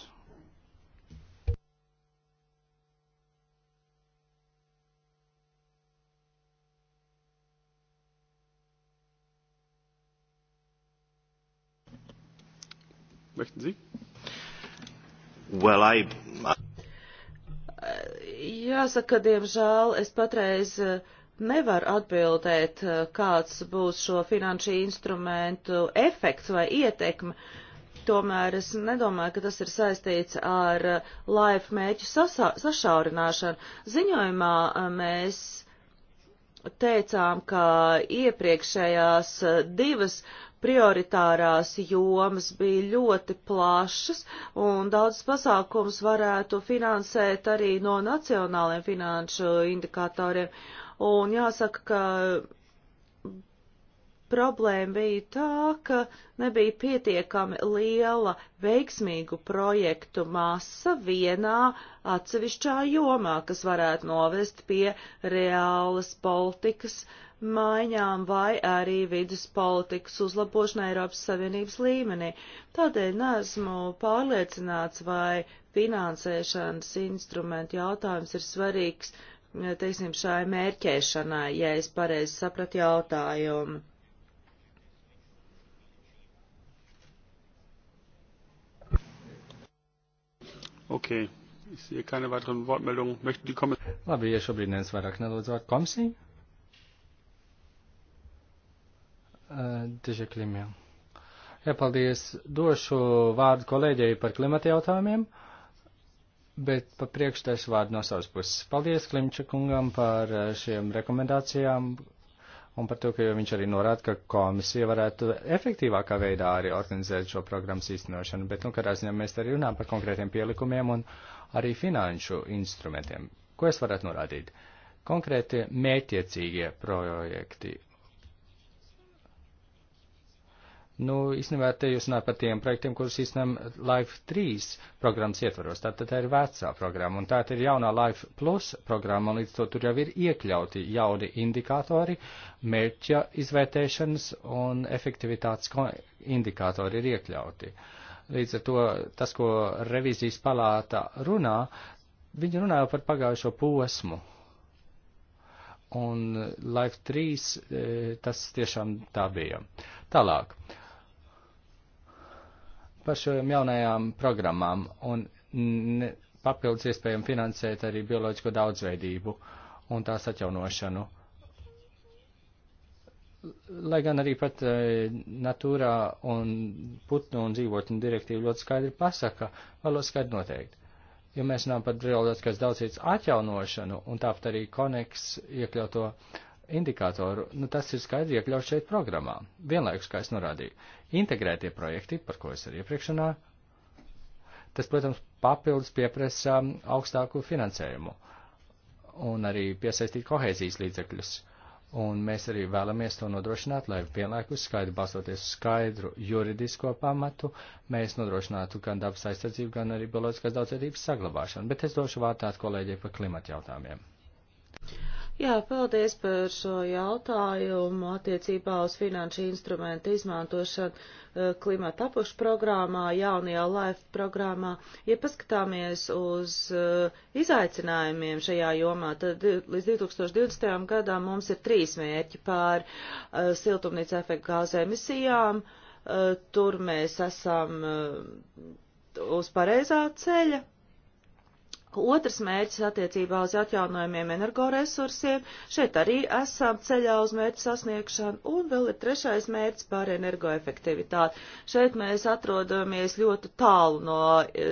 Möchten Sie? Well, I... Jāsaka, diemžēl es patreiz uh, nevar atbildēt, eh, kāds būs šo finanšu instrumentu efekts vai ietekme. Tomēr es nedomāju, ka tas ir saistīts ar eh, laifu mēķu sašaurināšanu. Ziņojumā eh, mēs teicām, ka iepriekšējās divas prioritārās jomas bija ļoti plašas, un daudz pasākums varētu finansēt arī no nacionāliem finanšu indikatoriem. Uh, Un jāsaka, ka problēma bija tā, ka nebija pietiekami liela veiksmīgu projektu masa vienā atsevišķā jomā, kas varētu novest pie reālas politikas maiņām vai arī vidas politikas uzlabošanai Eiropas Savienības līmenī. Tādēļ neesmu pārliecināts, vai finansēšanas instrumentu jautājums ir svarīgs teiksim, šai mērķēšanai, ja es pareizi sapratu jautājumu. Okay. Ich sehe keine weiteren Wortmeldungen. Möchten die Kommission? Labi, ja šobrīd neviens vairāk nelūdz vārdu komisiju. Uh, eh, Deža Klimjā. Jā, paldies. Došu vārdu kolēģei par klimata jautājumiem. Uh, Bet pa priekštais vārdu no savas puses. Paldies Klimča kungam par eh, šiem rekomendācijām un par to, ka viņš arī norāda, ka komisija varētu efektīvākā veidā arī organizēt šo programmas īstenošanu. Bet, nu, kādā ziņā mēs arī runājam par konkrētiem pielikumiem un arī finanšu instrumentiem. Ko es varētu norādīt? Konkrēti mētiecīgie projekti Nu, īstenībā te jūs runājat par tiem projektiem, kurus īstenam Life 3 programmas ietvaros. Tātad tā ir vecā programma, un tā ir jaunā Life Plus programma, un līdz to tur jau ir iekļauti jauni indikātori, mērķa izvērtēšanas un efektivitātes indikātori ir iekļauti. Līdz ar to tas, ko revizijas palāta runā, viņi runā par pagājušo posmu, un Life 3 eh, tas tiešām tā bija. Tālāk, par šajām jaunajām programmām un ne, papildus iespējami finansēt arī bioloģisko daudzveidību un tās atjaunošanu. Lai gan arī pat e, natūrā un putnu un dzīvotņu direktīva ļoti skaidri pasaka, vēlos skaidri noteikt. Ja mēs runājam par bioloģiskās daudzveidības atjaunošanu un tāpat arī koneks iekļauto uh, indikātoru, nu, tas ir skaidri iekļauts šeit programmā. Vienlaikus, kā es norādīju, integrētie projekti, par ko es arī iepriekš runāju, tas, protams, papildus pieprasa um, augstāku finansējumu un arī piesaistīt kohēzijas līdzekļus. Un mēs arī vēlamies to nodrošināt, lai vienlaikus skaidri balstoties uz skaidru juridisko pamatu, mēs nodrošinātu gan dabas aizsardzību, gan arī bioloģiskās daudzveidības saglabāšanu. Bet es došu vārtāt kolēģiem par klimatu jautājumiem. Jā, paldies par šo jautājumu attiecībā uz finanšu instrumentu izmantošanu eh, klimata apušu programmā, jaunajā LIFE programmā. Ja paskatāmies uz eh, izaicinājumiem šajā jomā, tad eh, līdz 2020. gadām mums ir trīs mērķi pār siltumnīca efektu gāzu emisijām. Tur mēs esam uz pareizā ceļa Otrs mērķis attiecībā uz atjaunojumiem energoresursiem, šeit arī esam ceļā uz mērķu sasniegšanu, un vēl ir trešais mērķis par energoefektivitāti. Šeit mēs atrodamies ļoti tālu no e,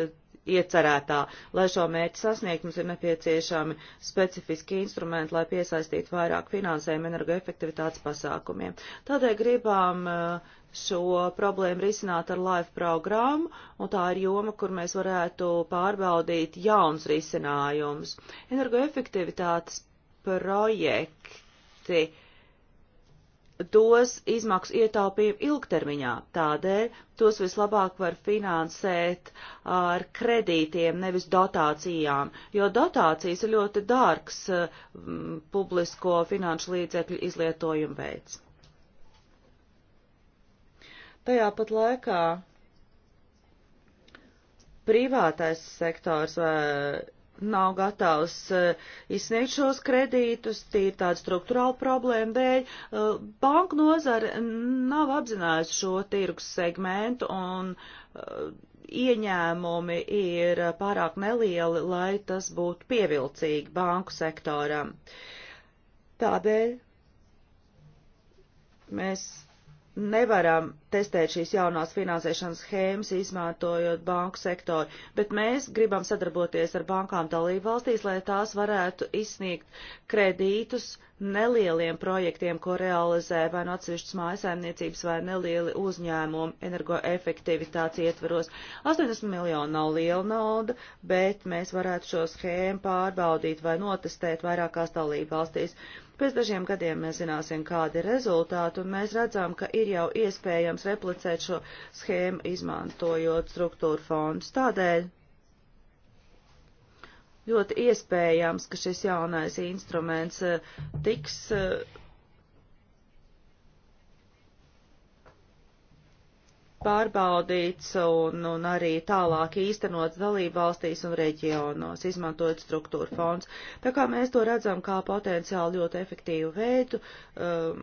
iecerētā. Lai šo mērķi sasniegt, mums ir nepieciešami specifiski instrumenti, lai piesaistītu vairāk finansējumu energoefektivitātes pasākumiem. Tādēļ gribām uh, e, šo problēmu risināt ar live programmu, un tā ir joma, kur mēs varētu pārbaudīt jauns risinājums. Energoefektivitātes projekti dos izmaksu ietaupījumu ilgtermiņā, tādēļ tos vislabāk var finansēt ar kredītiem, nevis dotācijām, jo dotācijas ir ļoti dārgs m, publisko finanšu līdzekļu izlietojuma veids. Tajā pat laikā privātais sektors nav gatavs eh, izsniegt šos kredītus, tīri tāda struktūrāla problēma dēļ. Eh, banku nozare nav apzinājusi šo tirgus segmentu un eh, ieņēmumi ir pārāk nelieli, lai tas būtu pievilcīgi banku sektoram. Tādēļ mēs nevaram testēt šīs jaunās finansēšanas schēmas, izmantojot banku sektoru, bet mēs gribam sadarboties ar bankām dalību valstīs, lai tās varētu izsniegt kredītus nelieliem projektiem, ko realizē vai no atsevišķas mājasaimniecības vai nelieli uzņēmumi energoefektivitātes ietveros. 80 miljoni nav liela nauda, bet mēs varētu šo schēmu pārbaudīt vai notestēt vairākās dalību valstīs. Pēc dažiem gadiem mēs zināsim, kādi ir rezultāti, un mēs redzam, ka ir jau iespējams replicēt šo schēmu, izmantojot struktūru fondus. Tādēļ ļoti iespējams, ka šis jaunais instruments eh, tiks eh, pārbaudīts un, un arī tālāk īstenots dalību valstīs un reģionos, izmantojot struktūra fonds. Tā kā mēs to redzam kā potenciāli ļoti efektīvu veidu um,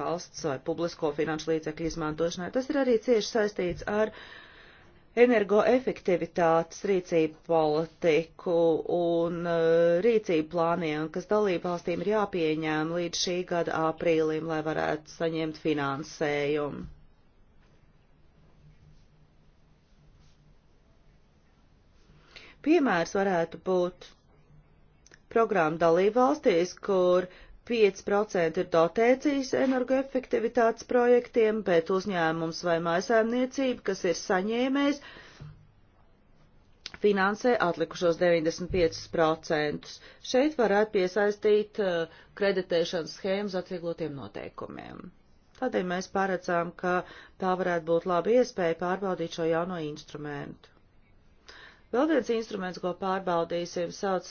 valsts vai publisko finanšu līdzekļu izmantošanai. Tas ir arī cieši saistīts ar energoefektivitātes rīcību politiku un uh, rīcību plāniem, kas dalību valstīm ir jāpieņem līdz šī gada aprīlim, lai varētu saņemt finansējumu. Piemērs varētu būt programma dalībvalstīs, kur 5% ir dotēcijas energoefektivitātes projektiem, bet uzņēmums vai mājasēmniecība, kas ir saņēmējs, finansē atlikušos 95%. Šeit varētu piesaistīt uh, kreditēšanas schēmas atvieglotiem noteikumiem. Tādēļ mēs paredzām, ka tā varētu būt laba iespēja pārbaudīt šo jauno instrumentu. Vēl viens instruments, ko pārbaudīsim, sauc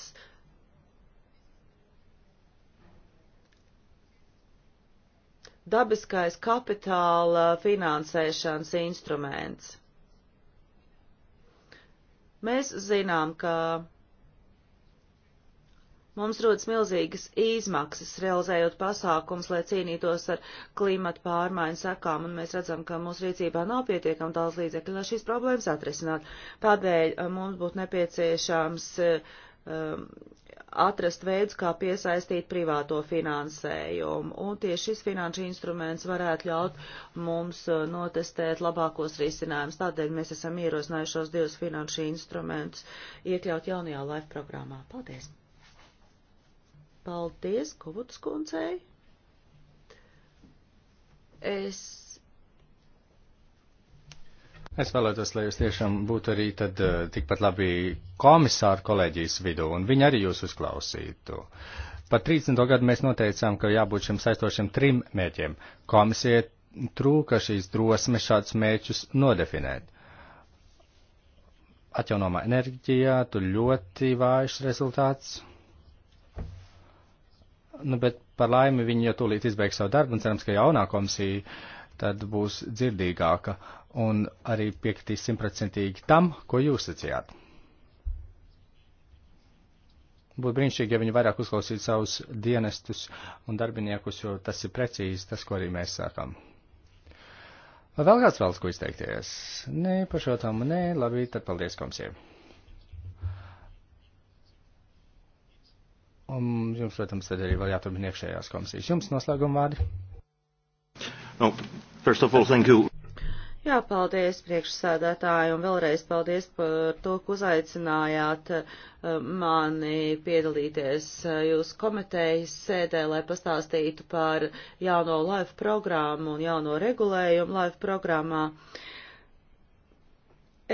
dabiskais kapitāla finansēšanas instruments. Mēs zinām, ka Mums rodas milzīgas izmaksas, realizējot pasākums, lai cīnītos ar klimatu pārmaiņu sekām, un mēs redzam, ka mūsu rīcībā nav pietiekami daudz līdzekļu, lai šīs problēmas atrisināt. Tādēļ eh, mums būtu nepieciešams eh, um, atrast veidus, kā piesaistīt privāto finansējumu. Un tieši šis finanšu instruments varētu ļaut mums eh, notestēt labākos risinājumus. Tādēļ mēs esam ierosinājušos divus finanšu instrumentus iekļaut jaunajā LIFE programmā. Paldies! Paldies Kovutas kundzei. Es. Es vēlētos, lai jūs tiešām būtu arī tad eh, tikpat labi komisāru kolēģijas vidū, un viņi arī jūs uzklausītu. Par 30. gadu mēs noteicām, ka jābūt šim saistošiem trim mērķiem. Komisija trūka šīs drosmes šādus mērķus nodefinēt atjaunomā enerģijā, tur ļoti vājš rezultāts. Nu, bet par laimi viņi jau tūlīt izbeigs savu darbu un cerams, ka jaunā komisija tad būs dzirdīgāka un arī piekritīs simtprocentīgi tam, ko jūs sacījāt. Būtu brīnišķīgi, ja viņi vairāk uzklausītu savus dienestus un darbiniekus, jo tas ir precīzi tas, ko arī mēs sākam. Vai vēl kāds vēlas ko izteikties? Nē, par šo tēmu nē, labi, tad paldies komisijai. Un jums, protams, tad arī vēl jāturpina iekšējās komisijas. Jums noslēguma vārdi? No, first of all, thank you. Jā, paldies priekšsēdētāji un vēlreiz paldies par to, ka uzaicinājāt uh, mani piedalīties uh, jūsu komitejas sēdē, lai pastāstītu par jauno LIFE programmu un jauno regulējumu LIFE programmā.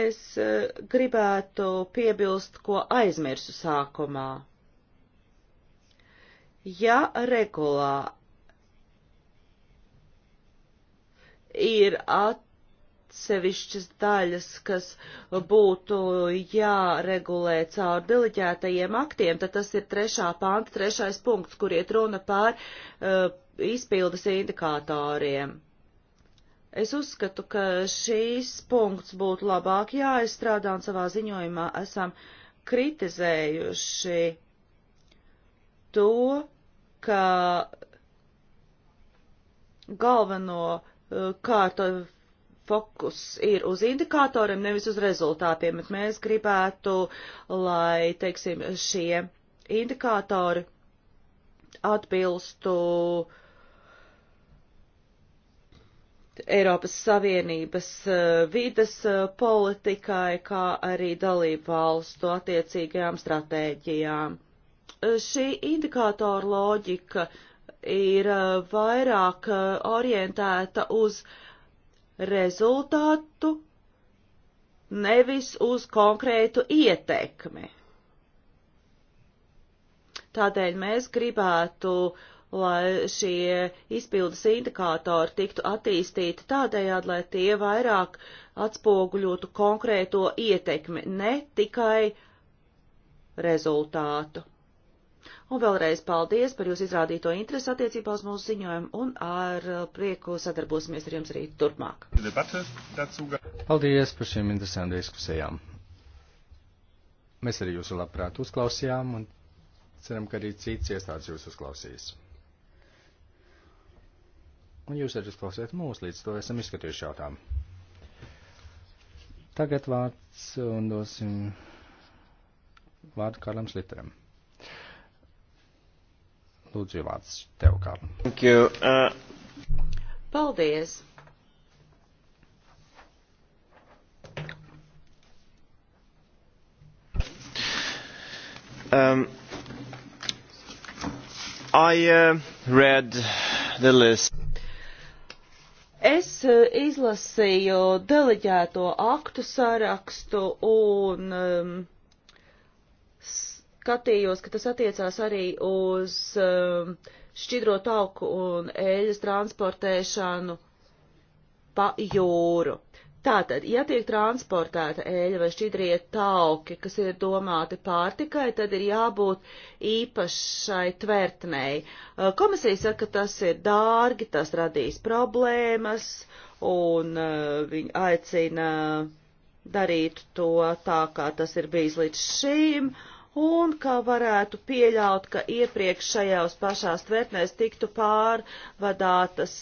Es uh, gribētu piebilst, ko aizmirsu sākumā. Ja regulā ir atsevišķas daļas, kas būtu jāregulē caur diliģētajiem aktiem, tad tas ir trešā panta, trešais punkts, kur iet runa pār uh, izpildes indikatoriem. Es uzskatu, ka šīs punkts būtu labāk jāizstrādā un savā ziņojumā esam kritizējuši to, ka galveno uh, kārta fokus ir uz indikatoriem, nevis uz rezultātiem, bet mēs gribētu, lai, teiksim, šie indikatori atbilstu Eiropas Savienības uh, vides uh, politikai, kā arī dalību valstu attiecīgajām stratēģijām šī indikātora loģika ir uh, vairāk uh, orientēta uz rezultātu, nevis uz konkrētu ietekmi. Tādēļ mēs gribētu, lai šie izpildes indikātori tiktu attīstīti tādējādi, lai tie vairāk atspoguļotu konkrēto ietekmi, ne tikai rezultātu. Un vēlreiz paldies par jūsu izrādīto interesi attiecībā uz mūsu ziņojumu un ar uh, prieku sadarbosimies ar jums arī turpmāk. Paldies par šīm interesantām diskusijām. Mēs arī jūsu labprāt uzklausījām un ceram, ka arī cits iestādes jūs uzklausīs. Un jūs arī uzklausiet mūs, līdz to esam izskatījuši jautājumu. Tagad vārds un dosim vārdu Karlam Sliteram. Lūdzu, vārds tev kā. Uh... Paldies! Um, I uh, read the list. Es uh, izlasīju deleģēto aktu sarakstu un um, skatījos, ka tas attiecās arī uz um, šķidro tauku un eļas transportēšanu pa jūru. Tātad, ja tiek transportēta eļļa vai šķidrie tauki, kas ir domāti pārtikai, tad ir jābūt īpašai tvertnei. Uh, komisija saka, ka tas ir dārgi, tas radīs problēmas, un uh, viņi aicina darīt to tā, kā tas ir bijis līdz šīm. Uh, un ka varētu pieļaut, ka iepriekšējās pašās tvertnēs tiktu pārvadātas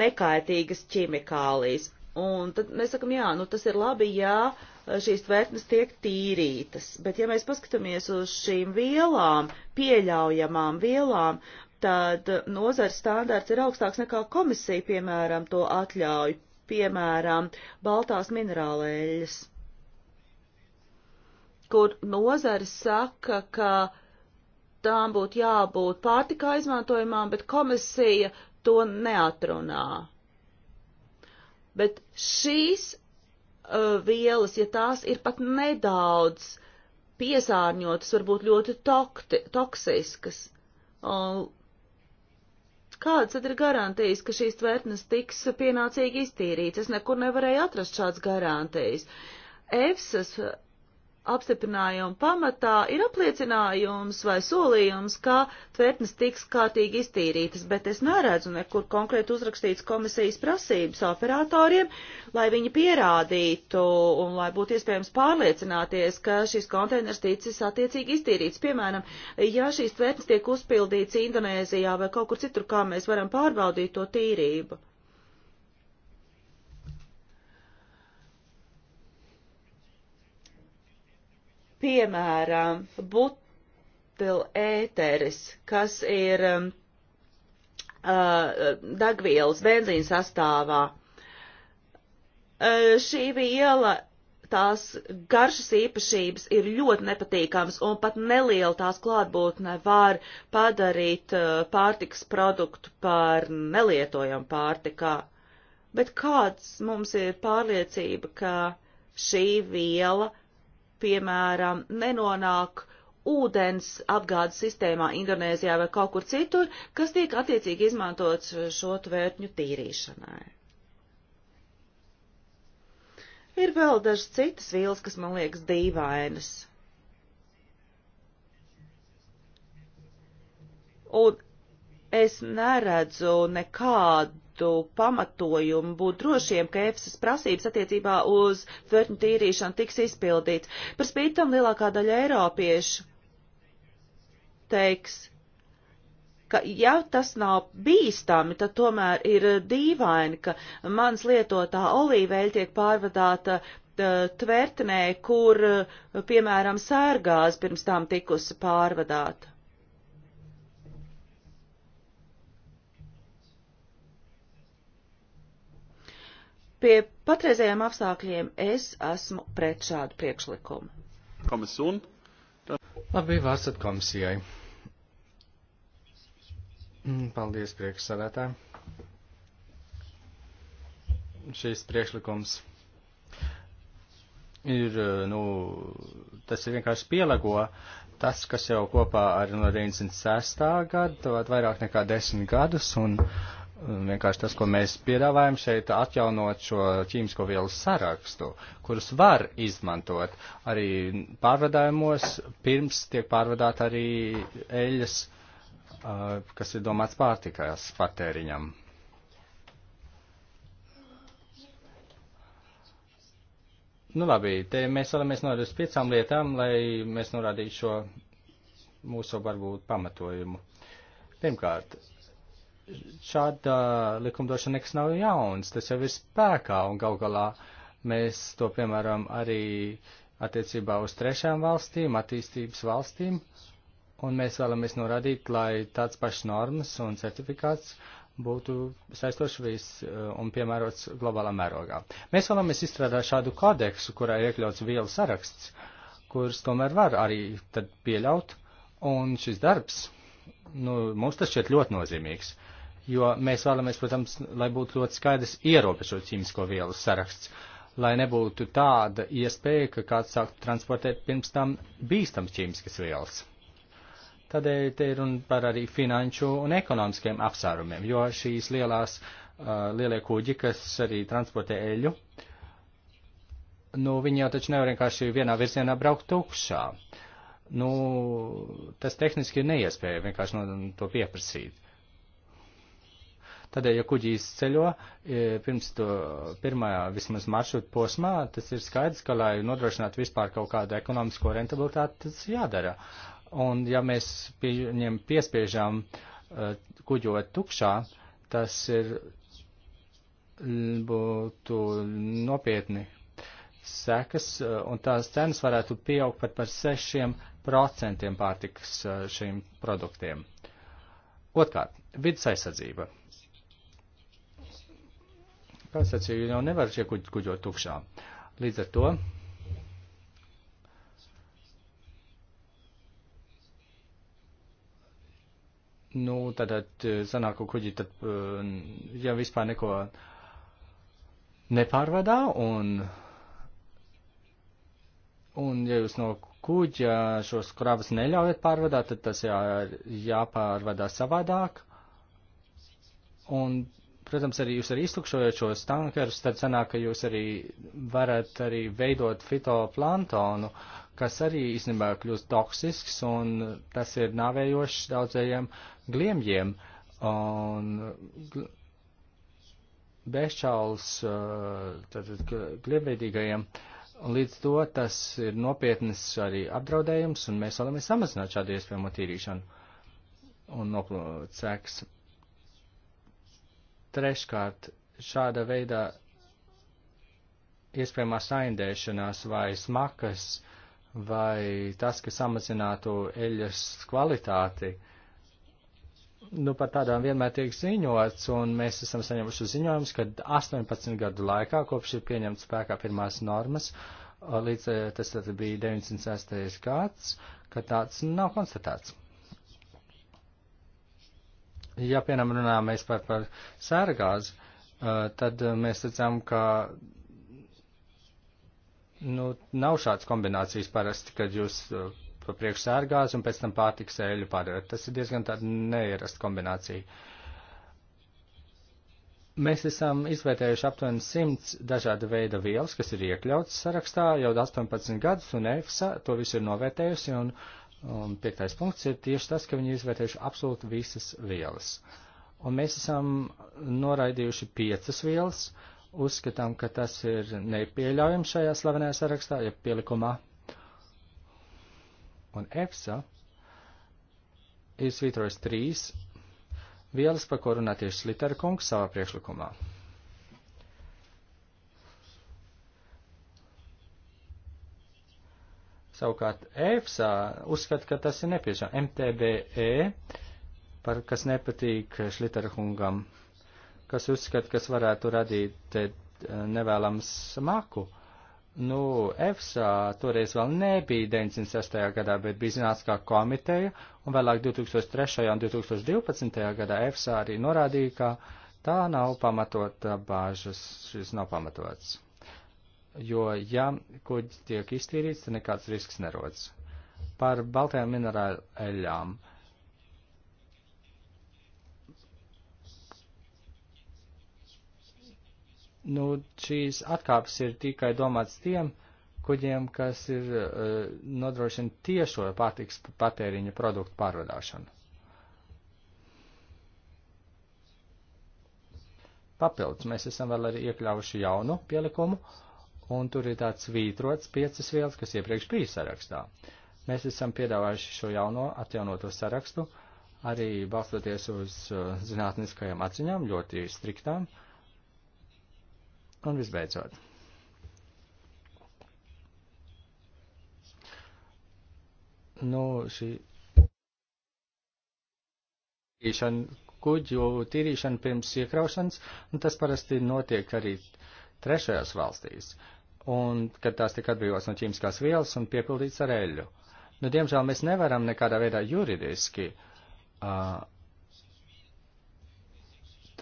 nekaitīgas ķimikālijas. Un tad mēs sakam, jā, nu tas ir labi, jā, šīs tvertnes tiek tīrītas, bet ja mēs paskatāmies uz šīm vielām, pieļaujamām vielām, tad nozars standārts ir augstāks nekā komisija, piemēram, to atļauj, piemēram, baltās minerālēļas kur nozari saka, ka tām būtu jābūt pārtikā izmantojumām, bet komisija to neatrunā. Bet šīs uh, vielas, ja tās ir pat nedaudz piesārņotas, varbūt ļoti tokti, toksiskas, uh, kādas tad ir garantijas, ka šīs tvertnes tiks pienācīgi iztīrītas? Es nekur nevarēju atrast šāds garantijas. EFSAS apstiprinājuma pamatā ir apliecinājums vai solījums, ka tvertnes tiks kārtīgi iztīrītas, bet es neredzu nekur konkrēti uzrakstīts komisijas prasības operatoriem, lai viņi pierādītu un lai būtu iespējams pārliecināties, ka šis konteiners ticis attiecīgi iztīrīts. Piemēram, ja šīs tvertnes tiek uzpildīts Indonēzijā vai kaut kur citur, kā mēs varam pārbaudīt to tīrību. Piemēram, butilēteris, kas ir um, uh, dagvielas benzīna sastāvā. Uh, šī viela tās garšas īpašības ir ļoti nepatīkams un pat neliela tās klātbūtne var padarīt uh, pārtikas produktu par nelietojamu pārtikā. Bet kāds mums ir pārliecība, ka šī viela piemēram, nenonāk ūdens apgādes sistēmā Indonēzijā vai kaut kur citur, kas tiek attiecīgi izmantots šo tvērtņu tīrīšanai. Ir vēl dažas citas vielas, kas man liekas dīvainas. Un es neredzu nekādu būtu pamatojumi būt drošiem, ka EFSAS prasības attiecībā uz tvērtņu tīrīšanu tiks izpildīts. Par spīti tam lielākā daļa eiropiešu teiks, ka ja tas nav bīstami, tad tomēr ir dīvaini, ka mans lietotā olīveļa tiek pārvadāta tvertnē, kur, piemēram, sērgās pirms tām tikusi pārvadāta. Pie patreizējiem apstākļiem es esmu pret šādu priekšlikumu. Komisūn. Labi, vārds komisijai. Mm, paldies, priekšsādātāji. Šis priekšlikums ir, eh, nu, tas ir vienkārši pielego tas, kas jau kopā ar no nu, 96. gadu, vairāk nekā desmit gadus, un uh, vienkārši tas, ko mēs piedāvājam šeit, atjaunot šo ķīmisko vielu sarakstu, kurus var izmantot arī pārvadājumos, pirms tiek pārvadāt arī eļas, kas ir domāts pārtikās patēriņam. Nu labi, te mēs vēlamies norādīt uz piecām lietām, lai mēs norādītu šo mūsu varbūt pamatojumu. Pirmkārt, šāda likumdošana nekas nav jauns, tas jau ir spēkā un gal galā mēs to, piemēram, arī attiecībā uz trešām valstīm, attīstības valstīm, un mēs vēlamies norādīt, lai tāds pašs normas un certifikāts būtu saistoši viss eh, un piemērots globālā mērogā. Mēs vēlamies izstrādāt šādu kodeksu, kurā ir iekļauts vielu saraksts, kurus tomēr var arī tad pieļaut, un šis darbs, nu, mums tas šķiet ļoti nozīmīgs jo mēs vēlamies, protams, lai būtu ļoti skaidrs ierobežot ķīmisko vielu saraksts, lai nebūtu tāda iespēja, ka kāds sāktu transportēt pirms tam bīstams ķīmiskas vielas. Tādēļ te ir runa par arī finanšu un ekonomiskiem apsvērumiem, jo šīs lielās, uh, lielie kuģi, kas arī transportē eļu, nu, viņi jau taču nevar vienkārši vienā virzienā braukt tukšā. Nu, tas tehniski ir neiespēja vienkārši no to pieprasīt. Tādēļ, ja kuģis ceļo e, pirms to pirmajā vismaz maršruta posmā, tas ir skaidrs, ka, lai nodrošinātu vispār kaut kādu ekonomisko rentabilitāti, tas jādara. Un ja mēs pieņem piespiežam e, kuģot tukšā, tas ir būtu nopietni sekas, e, un tās cenas varētu pieaugt pat par 6% pārtikas šīm produktiem. Otkārt, vidas aizsardzība. Kā es teicu, jau nevar šie kuģi kuģot tukšā. Līdz ar to. Nu, tad eh, sanāk, ka kuģi tad, eh, ja vispār neko nepārvadā un, un ja jūs no kuģa šos kravas neļaujat pārvadāt, tad tas jā, jāpārvadā savādāk. Un Protams, arī jūs arī iztukšojot šos tankerus, tad sanāk, ka jūs arī varat arī veidot fitoplantonu, kas arī īstenībā kļūst toksisks, un tas ir nāvējošs daudzajiem gliemjiem. Un bezčāls gliemveidīgajiem, un līdz to tas ir nopietnas arī apdraudējums, un mēs vēlamies samazināt šādu iespējamo tīrīšanu un noplūcēks. Treškārt, šāda veidā iespējamā saindēšanās vai smakas vai tas, ka samazinātu eļas kvalitāti. Nu, par tādām vienmēr tiek ziņots, un mēs esam saņēmuši ziņojumus, ka 18 gadu laikā, kopš ir pieņemts spēkā pirmās normas, līdz tas tad bija 96. gads, ka tāds nav konstatēts ja, piemēram, runājam mēs par, par sērgāzi, eh, tad mēs redzam, ka nu, nav šāds kombinācijas parasti, kad jūs eh, pa priekš sērgāzi un pēc tam pārtiks eļu pārējot. Tas ir diezgan tāda neierasta kombinācija. Mēs esam izvērtējuši aptuveni 100 dažāda veida vielas, kas ir iekļautas sarakstā jau 18 gadus, un EFSA to visu ir novērtējusi, un uh, Un piektais punkts ir tieši tas, ka viņi izvērtējuši absolūti visas vielas. Un mēs esam noraidījuši piecas vielas, uzskatām, ka tas ir nepieļaujams šajā slavenajā sarakstā, ja pielikumā. Un EFSA ir svītrojas trīs vielas, par ko runā tieši Sliterkungs savā priekšlikumā. Savukārt EFSA uzskata, ka tas ir nepieciešams. MTBE, par kas nepatīk Šliterhungam, kas uzskata, kas varētu radīt eh, nevēlams maku. Nu, EFSA toreiz vēl nebija 96. gadā, bet bija zināts kā komiteja, un vēlāk 2003. un 2012. gadā EFSA arī norādīja, ka tā nav pamatota bāžas, šis nav pamatots jo, ja kuģis tiek iztīrīts, tad nekāds risks nerodas. Par baltajām minerāļām. Nu, šīs atkāpes ir tikai domāts tiem kuģiem, kas ir uh, nodrošina tiešo pārtiks patēriņa produktu pārvadāšanu. Papildus mēs esam vēl arī iekļāvuši jaunu pielikumu, uh, un tur ir tāds svītrots piecas vielas, kas iepriekš bija sarakstā. Mēs esam piedāvājuši šo jauno atjaunoto sarakstu, arī balstoties uz uh, zinātniskajām atziņām, ļoti striktām. Un visbeidzot. Nu, šī tīrīšana, kuģu tīrīšana pirms iekraušanas, un tas parasti notiek arī trešajās valstīs. Uh, un kad tās tika atbrīvots no ķīmiskās vielas un piepildīts ar eļļu. Nu, diemžēl mēs nevaram nekādā veidā juridiski uh,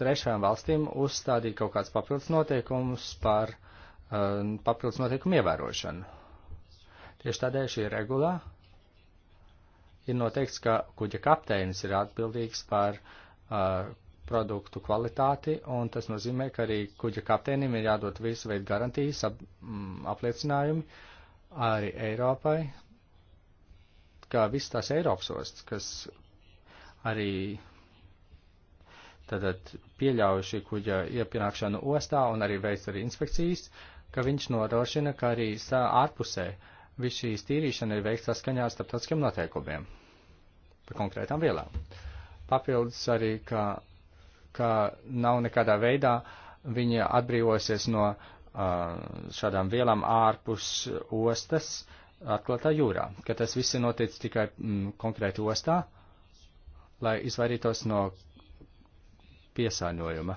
trešajām valstīm uzstādīt kaut kāds papildus noteikumus par uh, papildus noteikumu ievērošanu. Tieši tādēļ šī regulā ir noteikts, ka kuģa kapteinis ir atbildīgs par uh, produktu kvalitāti, un tas nozīmē, ka arī kuģa kapteinim ir jādod visu veidu garantijas, ap, m, mm, apliecinājumi arī Eiropai, kā viss tās Eiropas ostas, kas arī tātad pieļauj šī kuģa iepienākšanu ostā un arī veic arī inspekcijas, ka viņš nodrošina, ka arī ārpusē viss šī tīrīšana ir veikta saskaņā ar starptautiskiem noteikumiem par konkrētām vielām. Papildus arī, ka ka nav nekādā veidā viņi atbrīvosies no uh, šādām vielām ārpus ostas atklātā jūrā, ka tas viss ir noticis tikai mm, konkrēti ostā, lai izvairītos no piesāņojuma.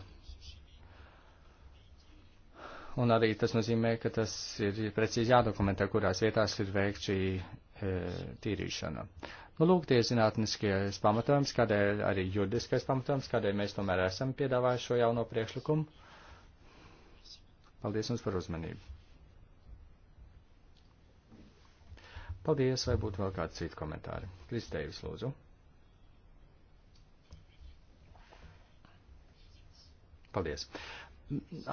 Un arī tas nozīmē, ka tas ir precīzi jādokumentē, kurās vietās ir veikt šī e, tīrīšana. Uh, Nu, lūk, tie zinātniskais pamatojums, kādēļ arī juridiskais pamatojums, kādēļ mēs tomēr esam piedāvājuši šo jauno priekšlikumu. Paldies jums par uzmanību. Paldies, vai būtu vēl kāds cits komentāri? Kristējus, lūdzu. Paldies.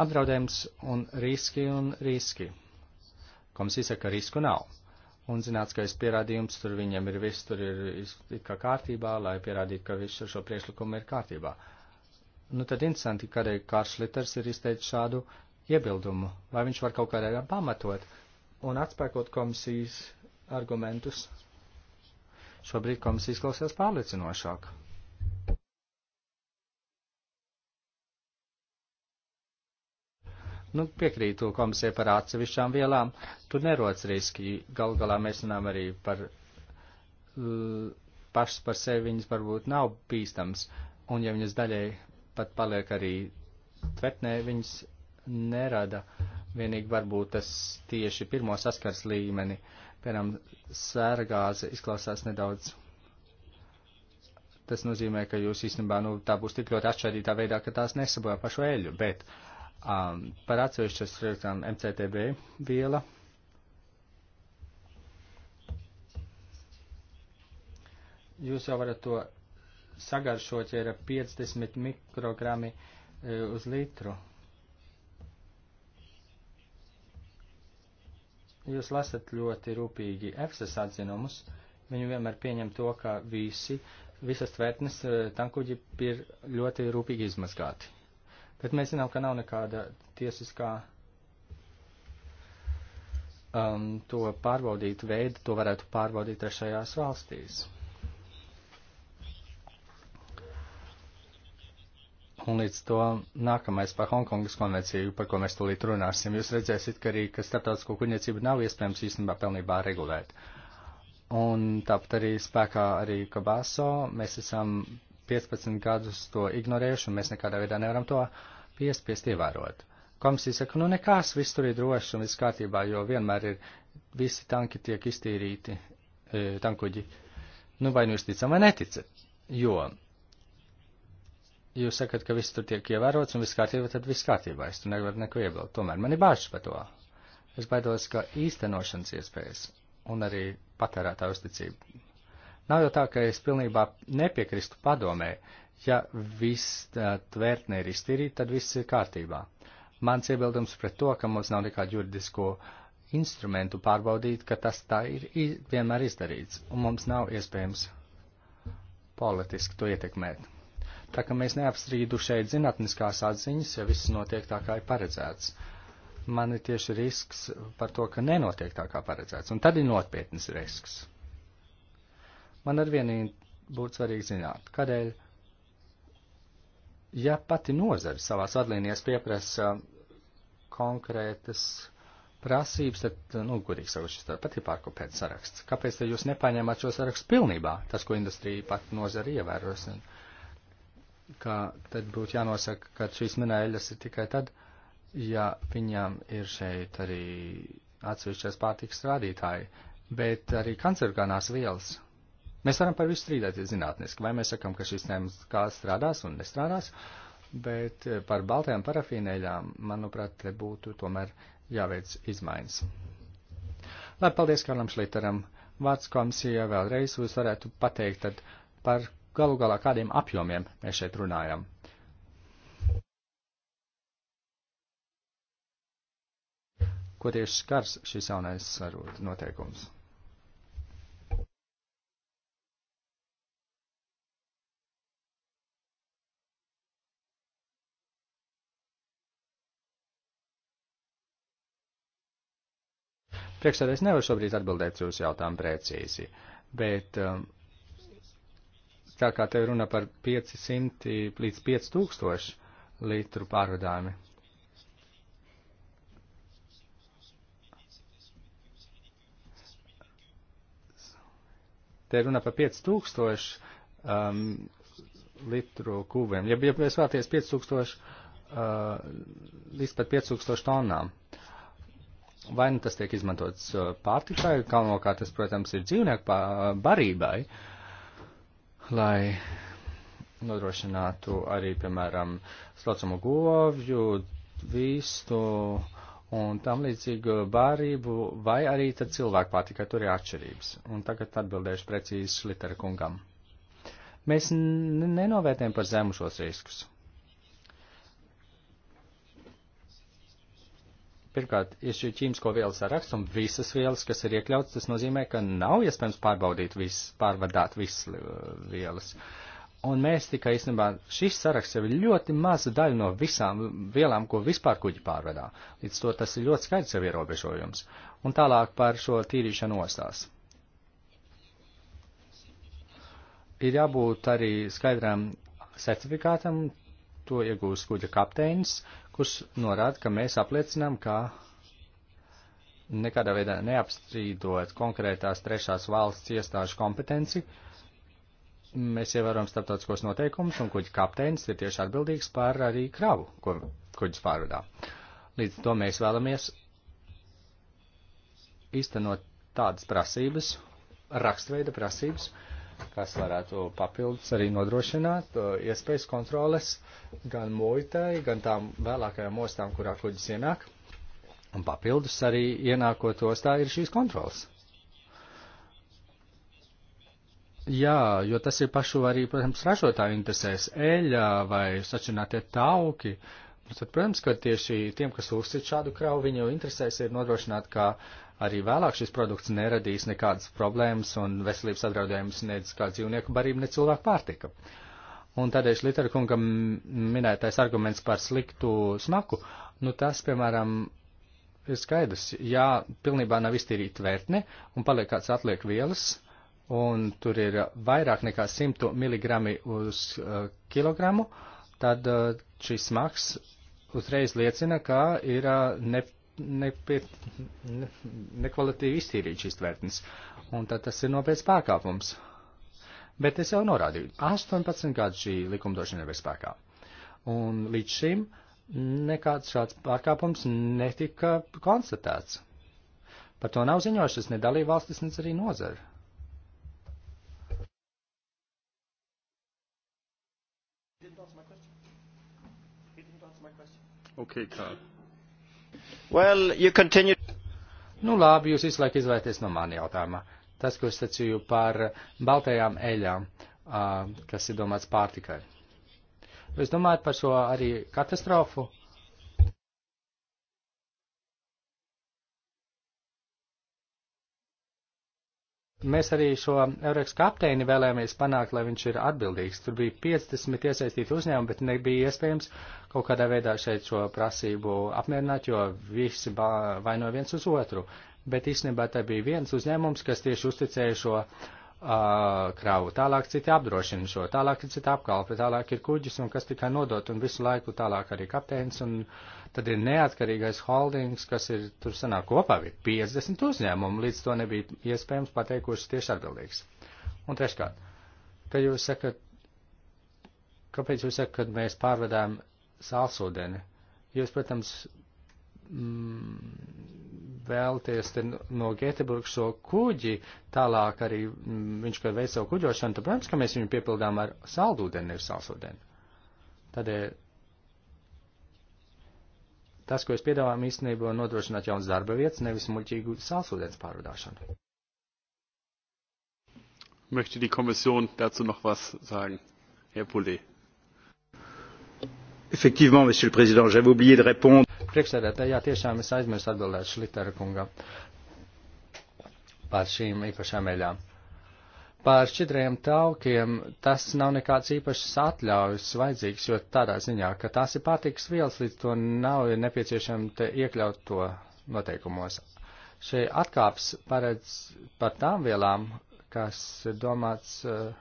Apdraudējums un riski un riski. Komisija saka, ka risku nav un zinātniskais pierādījums, tur viņiem ir viss, tur ir kā kārtībā, lai pierādītu, ka visu šo priekšlikumu ir kārtībā. Nu tad interesanti, ka arī Kārs Liters ir izteicis šādu iebildumu, vai viņš var kaut kādā pamatot un atspēkot komisijas argumentus. Šobrīd komisija izklausās pārliecinošāk. Nu, piekrītu komisijai par atsevišķām vielām, tur nerodas riski. Gal galā mēs runājam arī par pašas par sevi viņas varbūt nav bīstams, un ja viņas daļai pat paliek arī tvertnē, viņas nerada. Vienīgi varbūt tas tieši pirmo saskars līmeni, piemēram, sērgāze izklausās nedaudz tas nozīmē, ka jūs īstenībā, nu, tā būs tik ļoti atšķirītā veidā, ka tās nesabojā pašu eļu, bet Um, par atsevišķas, piemēram, MCTB viela. Jūs jau varat to sagaršot, ja ir 50 mikrogrami e, uz litru. Jūs lasat ļoti rūpīgi EFSAS atzinumus. Viņi vienmēr pieņem to, ka visi, visas tvertnes e, tankuģi ir ļoti rūpīgi izmazgāti. Bet mēs zinām, ka nav nekāda tiesiskā um, to pārbaudīt veida, to varētu pārbaudīt trešajās valstīs. Un līdz to nākamais par Hongkongas konvenciju, par ko mēs tūlīt runāsim, jūs redzēsiet, ka arī, ka starptautisko kuģniecību nav iespējams īstenībā pilnībā regulēt. Un tāpat arī spēkā arī Kabāso mēs esam 15 gadus to ignorējuši, un mēs nekādā veidā nevaram to piespiest ievērot. Komisija saka, nu nekās, viss tur ir droši un viss kārtībā, jo vienmēr ir visi tanki tiek iztīrīti, e, tankuģi. Nu vai nu jūs ticat vai neticat, jo jūs sakat, ka viss tur tiek ievērots un viss kārtībā, tad viss kārtībā, es tur nevaru neko iebilst. Tomēr man ir bāžas par to. Es baidos, ka īstenošanas iespējas un arī patērētā uzticība Nav jau tā, ka es pilnībā nepiekrīstu padomē. Ja viss tvērtne ir iztīrīta, tad viss ir kārtībā. Mans iebildums pret to, ka mums nav nekādu juridisko instrumentu pārbaudīt, ka tas tā ir vienmēr izdarīts, un mums nav iespējams politiski to ietekmēt. Tā ka mēs neapstrīdu šeit zinātniskās atziņas, ja viss notiek tā, kā ir paredzēts. Man ir tieši risks par to, ka nenotiek tā, kā paredzēts, un tad ir nopietnas risks. Man ar vienīgi būtu svarīgi zināt, kādēļ, ja pati nozara savās vadlīnijās pieprasa konkrētas prasības, tad, nu, godīgi sakot, šis pat ir pārkopēts saraksts. Kāpēc tad jūs nepaņēmāt šo sarakstu pilnībā, tas, ko industrija pat nozara ievēros? Un, ka tad būtu jānosaka, ka šīs minēļas ir tikai tad, ja viņām ir šeit arī atsevišķās pārtikas rādītāji, bet arī kancerogānās vielas Mēs varam par visu strīdēties zinātniski, vai mēs sakam, ka šis tēmas kā strādās un nestrādās, bet eh, par baltajām parafīnēļām, manuprāt, te būtu tomēr jāveic izmaiņas. Lai paldies Karlam Šliteram, vārds komisija vēlreiz jūs varētu pateikt tad par galu galā kādiem apjomiem mēs šeit runājam. Ko tieši skars šis jaunais noteikums? Priekšsēdēs nevar šobrīd atbildēt uz jautājumu precīzi, bet um, tā kā te runa par 500 līdz 5000 litru pārvadājumi. Te runa par 5000 um, litru kūviem. Ja, ja mēs vēlaties 5000 uh, līdz pat 5000 tonnām. Uh, vai nu tas tiek izmantots uh, pārtikai, galvenokārt tas, protams, ir dzīvnieku uh, barībai, lai nodrošinātu arī, piemēram, slaucamo govju, vistu un tam līdzīgu bārību, vai arī tad cilvēku pārtikai tur ir atšķirības. Un tagad atbildēšu precīzi Šlitera kungam. Mēs nenovērtējam par zemu šos riskus. Pirmkārt, ir šī ķīmisko vielu saraksts un visas vielas, kas ir iekļauts, tas nozīmē, ka nav iespējams pārbaudīt visas, pārvadāt visas uh, vielas. Un mēs tikai īstenībā, šis saraksts jau ir ļoti maza daļa no visām vielām, ko vispār kuģi pārvedā. Līdz to tas ir ļoti skaidrs jau ierobežojums. Un tālāk par šo tīrīšanu ostās. Ir jābūt arī skaidram certifikātam, to iegūst kuģa kapteinis, kurš norāda, ka mēs apliecinām, ka nekādā veidā neapstrīdot konkrētās trešās valsts iestāžu kompetenci, mēs ievērojam starptautiskos noteikumus, un kuģa kapteinis ir tieši atbildīgs par arī kravu, ko kuģis pārvadā. Līdz to mēs vēlamies īstenot tādas prasības, rakstveida prasības, uh, kas varētu papildus arī nodrošināt uh, iespējas kontroles gan muitai, gan tām vēlākajām ostām, kurā kuģis ienāk. Un papildus arī ienākot ostā ir šīs kontroles. Jā, jo tas ir pašu arī, protams, ražotāju interesēs eļā vai sačinātie tauki. Tad, protams, ka tieši tiem, kas uzsit šādu kravu, viņu interesēs ir nodrošināt, ka uh, arī vēlāk šis produkts neradīs nekādas problēmas un veselības apdraudējumus nec kā dzīvnieku barību, ne cilvēku pārtika. Un tādēļ Šlitera kunga minētais arguments par sliktu smaku, nu tas, piemēram, ir skaidrs. Jā, pilnībā nav iztīrīta vērtne un paliek kāds atliek vielas, un tur ir vairāk nekā 100 mg uz uh, kilogramu, tad uh, šis smaks uzreiz liecina, ka ir uh, ne nepiet, ne, nekvalitīvi iztīrīt šīs tvertnes, un tad tas ir nopietns pārkāpums. Bet es jau norādīju, 18 gadus šī likumdošana ir spēkā, un līdz šim nekāds šāds pārkāpums netika konstatēts. Par to nav ziņošas ne dalībvalstis, ne arī nozara. Okay, Karl. Well, you continue. Nu labi, jūs visu laiku izvairieties no mani jautājumā. Tas, ko es tecīju par baltajām eļām, kas ir domāts pārtikai. Jūs domājat par šo arī katastrofu? Mēs arī šo Eureks kapteini vēlējāmies panākt, lai viņš ir atbildīgs. Tur bija 50 iesaistīti uzņēmumi, bet nebija iespējams kaut kādā veidā šeit šo prasību apmierināt, jo visi vaino viens uz otru. Bet īstenībā tā bija viens uzņēmums, kas tieši uzticēja šo uh, kravu. Tālāk citi apdrošina šo, tālāk ir cita apkalpe, tālāk ir kuģis un kas tikai nodot un visu laiku tālāk arī kapteinis un uh, tad ir neatkarīgais holdings, kas ir tur sanāk kopā, ir 50 uzņēmumu, līdz to nebija iespējams pateikt, kurš tieši atbildīgs. Un treškārt, ka jūs sakat, kāpēc jūs sakat, kad mēs pārvedām sālsūdeni? Jūs, protams, mm, vēlties no Gēteburgas šo kuģi, tālāk arī mm, viņš, kad veic savu kuģošanu, tad, protams, ka mēs viņu piepildām ar saldūdeni, nevis sālsūdeni. Tādēļ Tas, ko es piedāvāju, īstenībā nodrošināt jaunas darba vietas, nevis muļķīgu sālsūdens pārvadāšanu. Möchte die Kommission dazu noch was sagen? Herr Poulet. Effectivement, Monsieur le Président, j'avais oublié de répondre. Priekšsēdētāj, jā, tiešām es aizmirsu atbildēt Šlitera kungam par šīm īpašām eļām. Par šķidriem taukiem tas nav nekāds īpašs atļaujas vajadzīgs, jo tādā ziņā, ka tās ir pārtikas vielas, līdz to nav nepieciešama te iekļaut to noteikumos. Šie atkāps paredz par tām vielām, kas ir domāts, uh,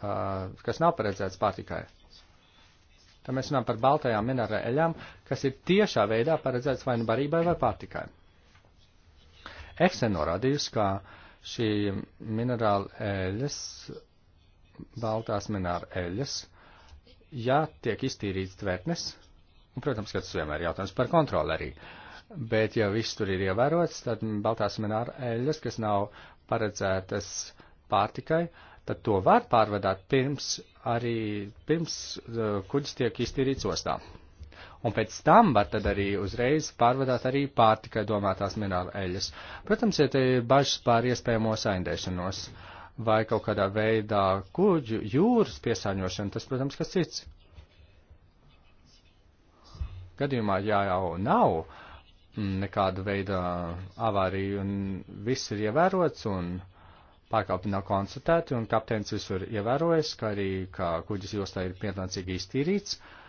uh, kas nav paredzēts pārtikai. Tad mēs runājam par baltajām minerāļām, kas ir tiešā veidā paredzēts vai nu barībai vai pārtikai. Eksen norādījusi, ka šī minerāla eļas, baltās minerāla eļas, ja tiek iztīrīts tvertnes, un, protams, ka tas vienmēr ir jautājums par kontroli arī, bet ja viss tur ir ievērots, tad baltās minerāla eļas, kas nav paredzētas pārtikai, tad to var pārvadāt pirms arī pirms uh, kuģis tiek iztīrīts ostā un pēc tam var tad arī uzreiz pārvadāt arī pārtikai domātās minerāla eļas. Protams, ja te ir bažas pār iespējamo saindēšanos vai kaut kādā veidā kuģu jūras piesāņošanu, tas, protams, kas cits. Gadījumā, ja jau nav nekāda veida avārija un viss ir ievērots un pārkāpumi nav konstatēti un kapteinis visur ievērojas, ka arī ka kuģis jostā ir pienācīgi iztīrīts, uh,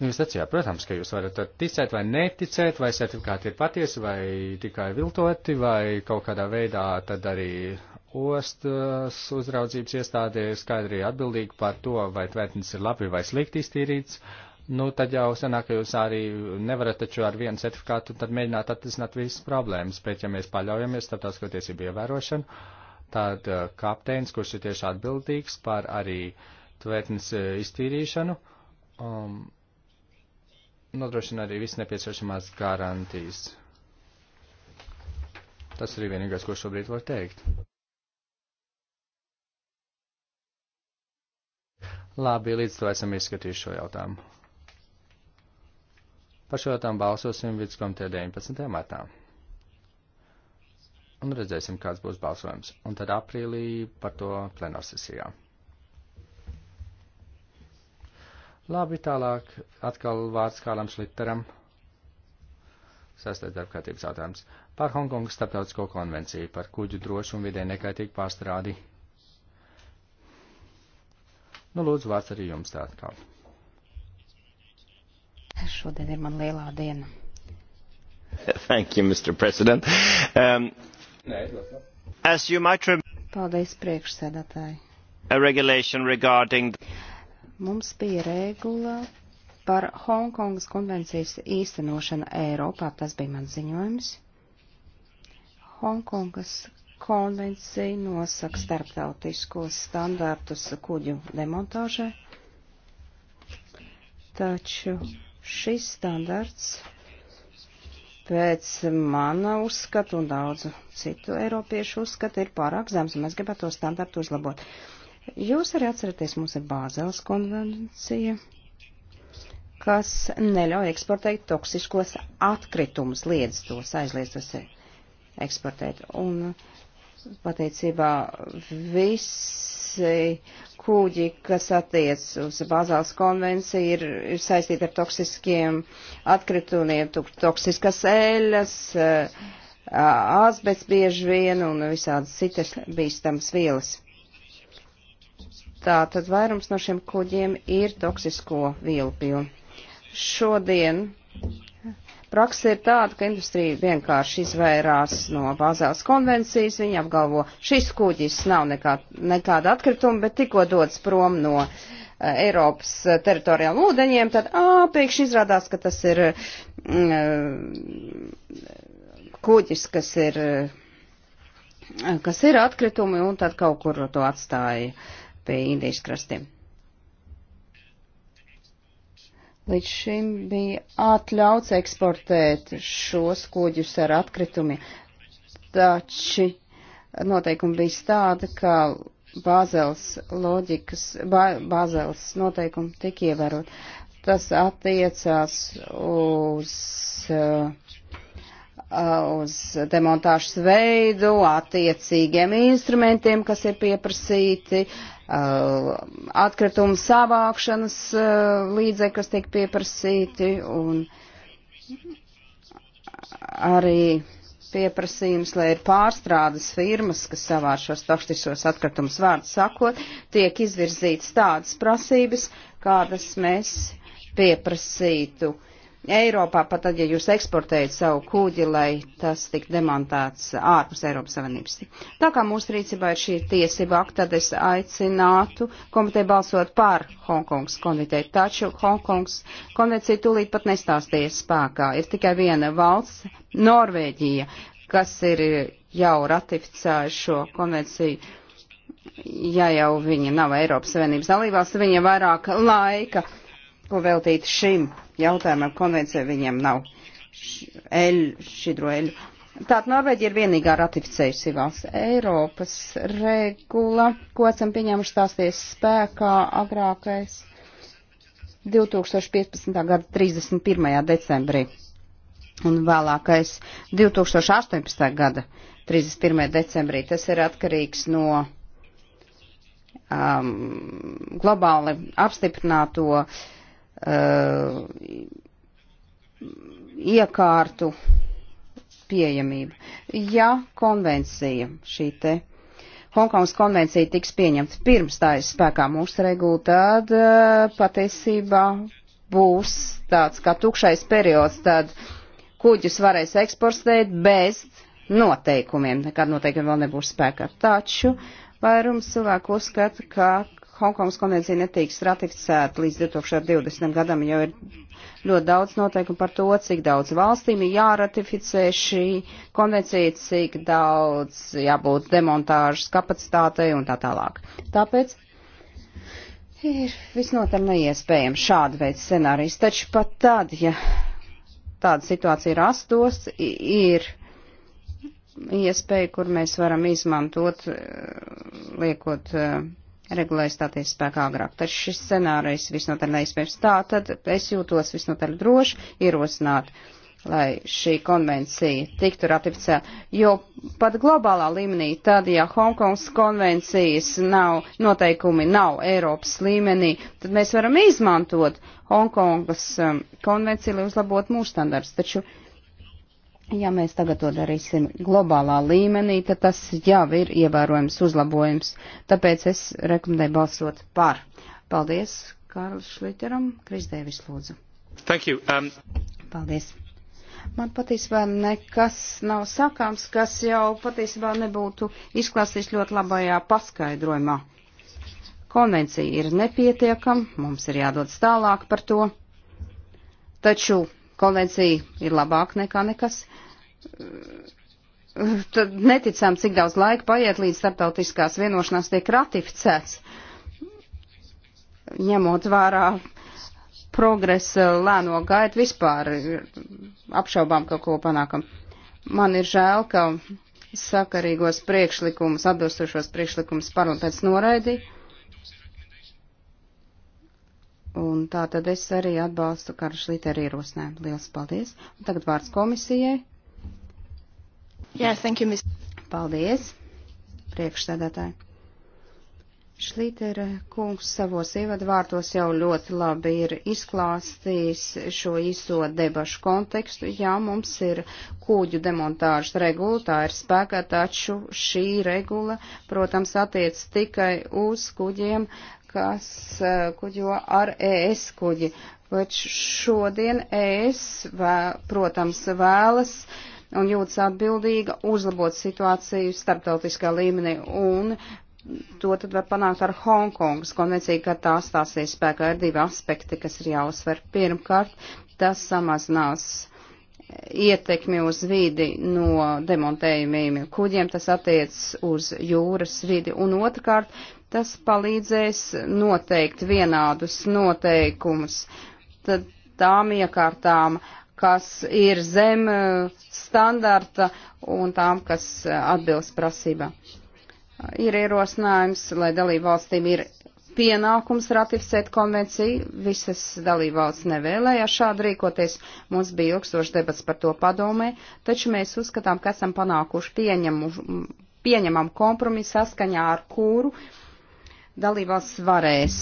Jūs nu, teicāt, protams, ka jūs varat ticēt vai neticēt, vai certifikāti ir patiesi, vai tikai viltoti, vai kaut kādā veidā tad arī ostas uzraudzības iestādē skaidri atbildīgi par to, vai tvērtnis ir labi vai slikti iztīrīts. Nu, tad jau sanāk, ka jūs arī nevarat taču ar vienu certifikātu tad mēģināt atrisināt visas problēmas, bet ja mēs paļaujamies starptautisko tiesību ievērošanu, tad eh, kapteinis, kurš ir tieši atbildīgs par arī tvērtnis eh, iztīrīšanu, um, nodrošina arī viss nepieciešamās garantijas. Tas arī vienīgais, ko šobrīd var teikt. Labi, līdz to esam izskatījuši šo jautājumu. Par šo jautājumu balsosim vidskomitē 19. martā. Un redzēsim, kāds būs balsojums. Un tad aprīlī par to plenārsesijā. Labi, tālāk atkal vārds Kālam Šliteram. Sastais darbkārtības jautājums. Par Hongkongas starptautisko konvenciju par kuģu drošu un vidē nekaitīgu pārstrādi. Nu, lūdzu, vārds arī jums tā atkal. Šodien ir man lielā diena. Thank you, Mr. President. Um, as you might remember, Paldies, priekšsēdētāji. A regulation regarding mums bija regula par Hongkongas konvencijas īstenošanu Eiropā. Tas bija mans ziņojums. Hongkongas konvencija nosaka starptautiskos standārtus kuģu demontāžai, taču šis standārts pēc mana uzskata un daudzu citu eiropiešu uzskata ir pārāk zems, un mēs gribētu to standārtu uzlabot. Uh, Jūs arī atceraties, mums ir Bāzeles konvencija, kas neļauj eksportēt toksiskos atkritumus, liedz tos aizliedz tos eksportēt. Un patiecībā visi kūģi, kas attiec uz Bāzāles konvenciju, ir, ir saistīti ar toksiskiem atkritumiem, toksiskas eļas, āzbets bieži vien un visādas citas bīstamas vielas. Tātad vairums no šiem kuģiem ir toksisko vielu pilni. Šodien praksa ir tāda, ka industrija vienkārši izvairās no bāzēlas konvencijas, viņi apgalvo, šis kuģis nav nekā, nekāda atkrituma, bet tikko dodas prom no uh, Eiropas eh, teritoriāliem ūdeņiem, tad pēkšņi izrādās, ka tas ir mm, eh, kuģis, kas ir, kas ir atkritumi, un tad kaut kur to atstāja pie Indijas krastiem. Līdz šim bija atļauts eksportēt šos kuģus ar atkritumiem, taču noteikumi bija tādi, ka Bāzels loģikas, bā, Bāzels noteikumi tika ievērot. Tas attiecās uz, uh, uz demontāžas veidu, attiecīgiem instrumentiem, kas ir pieprasīti, uh, Uh, atkritumu savākšanas uh, līdzekļus tiek pieprasīti un arī pieprasījums, lai ir pārstrādes firmas, kas savāž šos toksiskos atkritumus vārdu sakot, tiek izvirzīts tādas prasības, kādas mēs pieprasītu uh, Eiropā, pat tad, ja jūs eksportējat savu kuģi, lai tas tik demantēts ārpus Eiropas Savienības. Tā kā mūsu rīcībā ir šī tiesība akta, tad es aicinātu komiteju balsot par Hongkongas konvenciju. Taču Hongkongas konvencija tūlīt pat nestāsties spēkā. Ir tikai viena valsts, Norvēģija, kas ir jau ratificējuši šo konvenciju. Ja jau viņa nav Eiropas Savienības dalībās, viņa vairāk laika ko veltīt šim jautājumam konvencijai viņiem nav eļu, šidro eļu. Tātad Norvēģija ir vienīgā ratificējusi valsts Eiropas regula, ko esam pieņēmuši stāsties spēkā agrākais 2015. gada 31. decembrī un vēlākais 2018. gada 31. decembrī. Tas ir atkarīgs no um, globāli apstiprināto uh, Uh, iekārtu pieejamību. Ja konvencija šī te Hongkongas konvencija tiks pieņemta pirms tā ir spēkā mūsu regula, tad uh, patiesībā būs tāds kā tukšais periods, tad kuģus varēs eksportēt bez noteikumiem, nekad noteikumi vēl nebūs spēkā. Taču vairums cilvēku uzskata, ka Hongkongas konvencija netiks ratificēta līdz 2020. gadam, jo ir ļoti daudz noteikumu par to, cik daudz valstīm ir jāratificē šī konvencija, cik daudz jābūt demontāžas kapacitātei un tā tālāk. Tāpēc ir visnotaļ neiespējams šāda veida scenārijs. Taču pat tad, ja tāda situācija rastos, ir iespēja, kur mēs varam izmantot, liekot, uh, regulēja stāties spēkā agrāk. Taču šis scenārijs visnotaļ neizpējams. Tā tad es jūtos visnotaļ droši ierosināt, lai šī konvencija tiktu ratificēta. Jo pat globālā līmenī, tad, ja Hongkongs konvencijas nav, noteikumi nav Eiropas līmenī, tad mēs varam izmantot Hongkongas um, konvenciju, lai uzlabotu mūsu standarts. Taču uh, Ja mēs tagad to darīsim globālā līmenī, tad tas jau ir ievērojams uzlabojums. Tāpēc es rekomendēju balsot par. Paldies Kārlis Šliteram, Kristēvis Lūdzu. Thank you. Um... Paldies. Man patiesībā nekas nav sakāms, kas jau patiesībā nebūtu izklāstīts ļoti labajā paskaidrojumā. Konvencija ir nepietiekama, mums ir jādodas tālāk par to. Taču konvencija ir labāka nekā nekas. Tad neticām, cik daudz laika paiet, līdz starptautiskās vienošanās tiek ratificēts, ņemot vērā progresa lēno gaitu vispār apšaubām, ka ko panākam. Man ir žēl, ka sakarīgos priekšlikumus, atbilstošos priekšlikumus parlaments noraidīja Un tā tad es arī atbalstu Karšu Literu ierosinājumu. Lielas paldies. Un tagad vārds komisijai. Jā, yes, thank you, Miss. Paldies, priekšsēdētāji. Šlītera kungs savos ievadvārtos jau ļoti labi ir izklāstījis šo īso debašu kontekstu. Jā, mums ir kūģu demontāžas regula, tā ir spēkā, taču šī regula, protams, attiec tikai uz kuģiem, kas eh, kuģo ar ES kuģi. Bet šodien ES, vē, protams, vēlas un jūtas atbildīga uzlabot situāciju starptautiskā līmenī un to tad var panākt ar Hongkongas konvenciju, ka tā stāsies spēkā ir divi aspekti, kas ir jāuzsver. Pirmkārt, tas samazinās ietekmi uz vidi no demontējumiem kuģiem, tas attiec uz jūras vidi, un otrkārt, Tas palīdzēs noteikt vienādus noteikumus tad tām iekārtām, kas ir zem e, standarta un tām, kas e, atbilst prasībām. Ir ierosinājums, lai dalību valstīm ir pienākums ratificēt konvenciju. Visas dalībvalsts nevēlējās šādi rīkoties. Mums bija ilgstošs debats par to padomē, taču mēs uzskatām, ka esam panākuši pieņemu, pieņemam kompromisu saskaņā ar kūru. Uh, dalībās varēs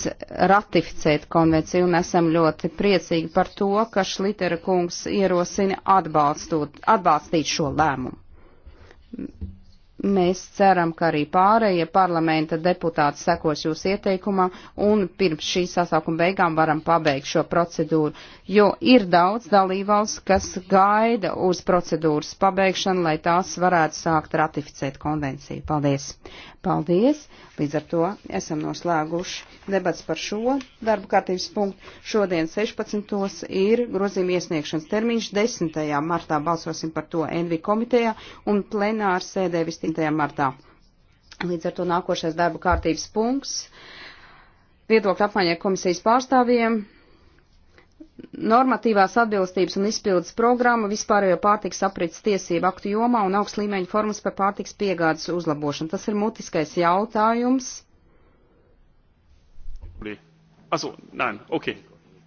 ratificēt konvenciju, un esam ļoti priecīgi par to, ka Šlitera kungs ierosina atbalstīt šo lēmumu. Mēs ceram, ka arī pārējie parlamenta deputāti sekos jūs ieteikumā, un pirms šī sasaukuma beigām varam pabeigt šo procedūru, jo ir daudz dalībvalsts, kas gaida uz procedūras pabeigšanu, lai tās varētu sākt ratificēt konvenciju. Paldies! Paldies! Līdz ar to esam noslēguši debats par šo darbu kārtības punktu. Šodien 16. ir grozījuma iesniegšanas termiņš. 10. martā balsosim par to Envi komitejā un plenāra sēdē 10. martā. Līdz ar to nākošais darbu kārtības punkts. Viedokļa apmaiņa komisijas pārstāvjiem normatīvās atbilstības un izpildes programma vispārējo pārtiks aprits tiesību aktu jomā un augst līmeņa formas par pārtiks piegādes uzlabošanu. Tas ir mutiskais jautājums. Aso, nein, ok.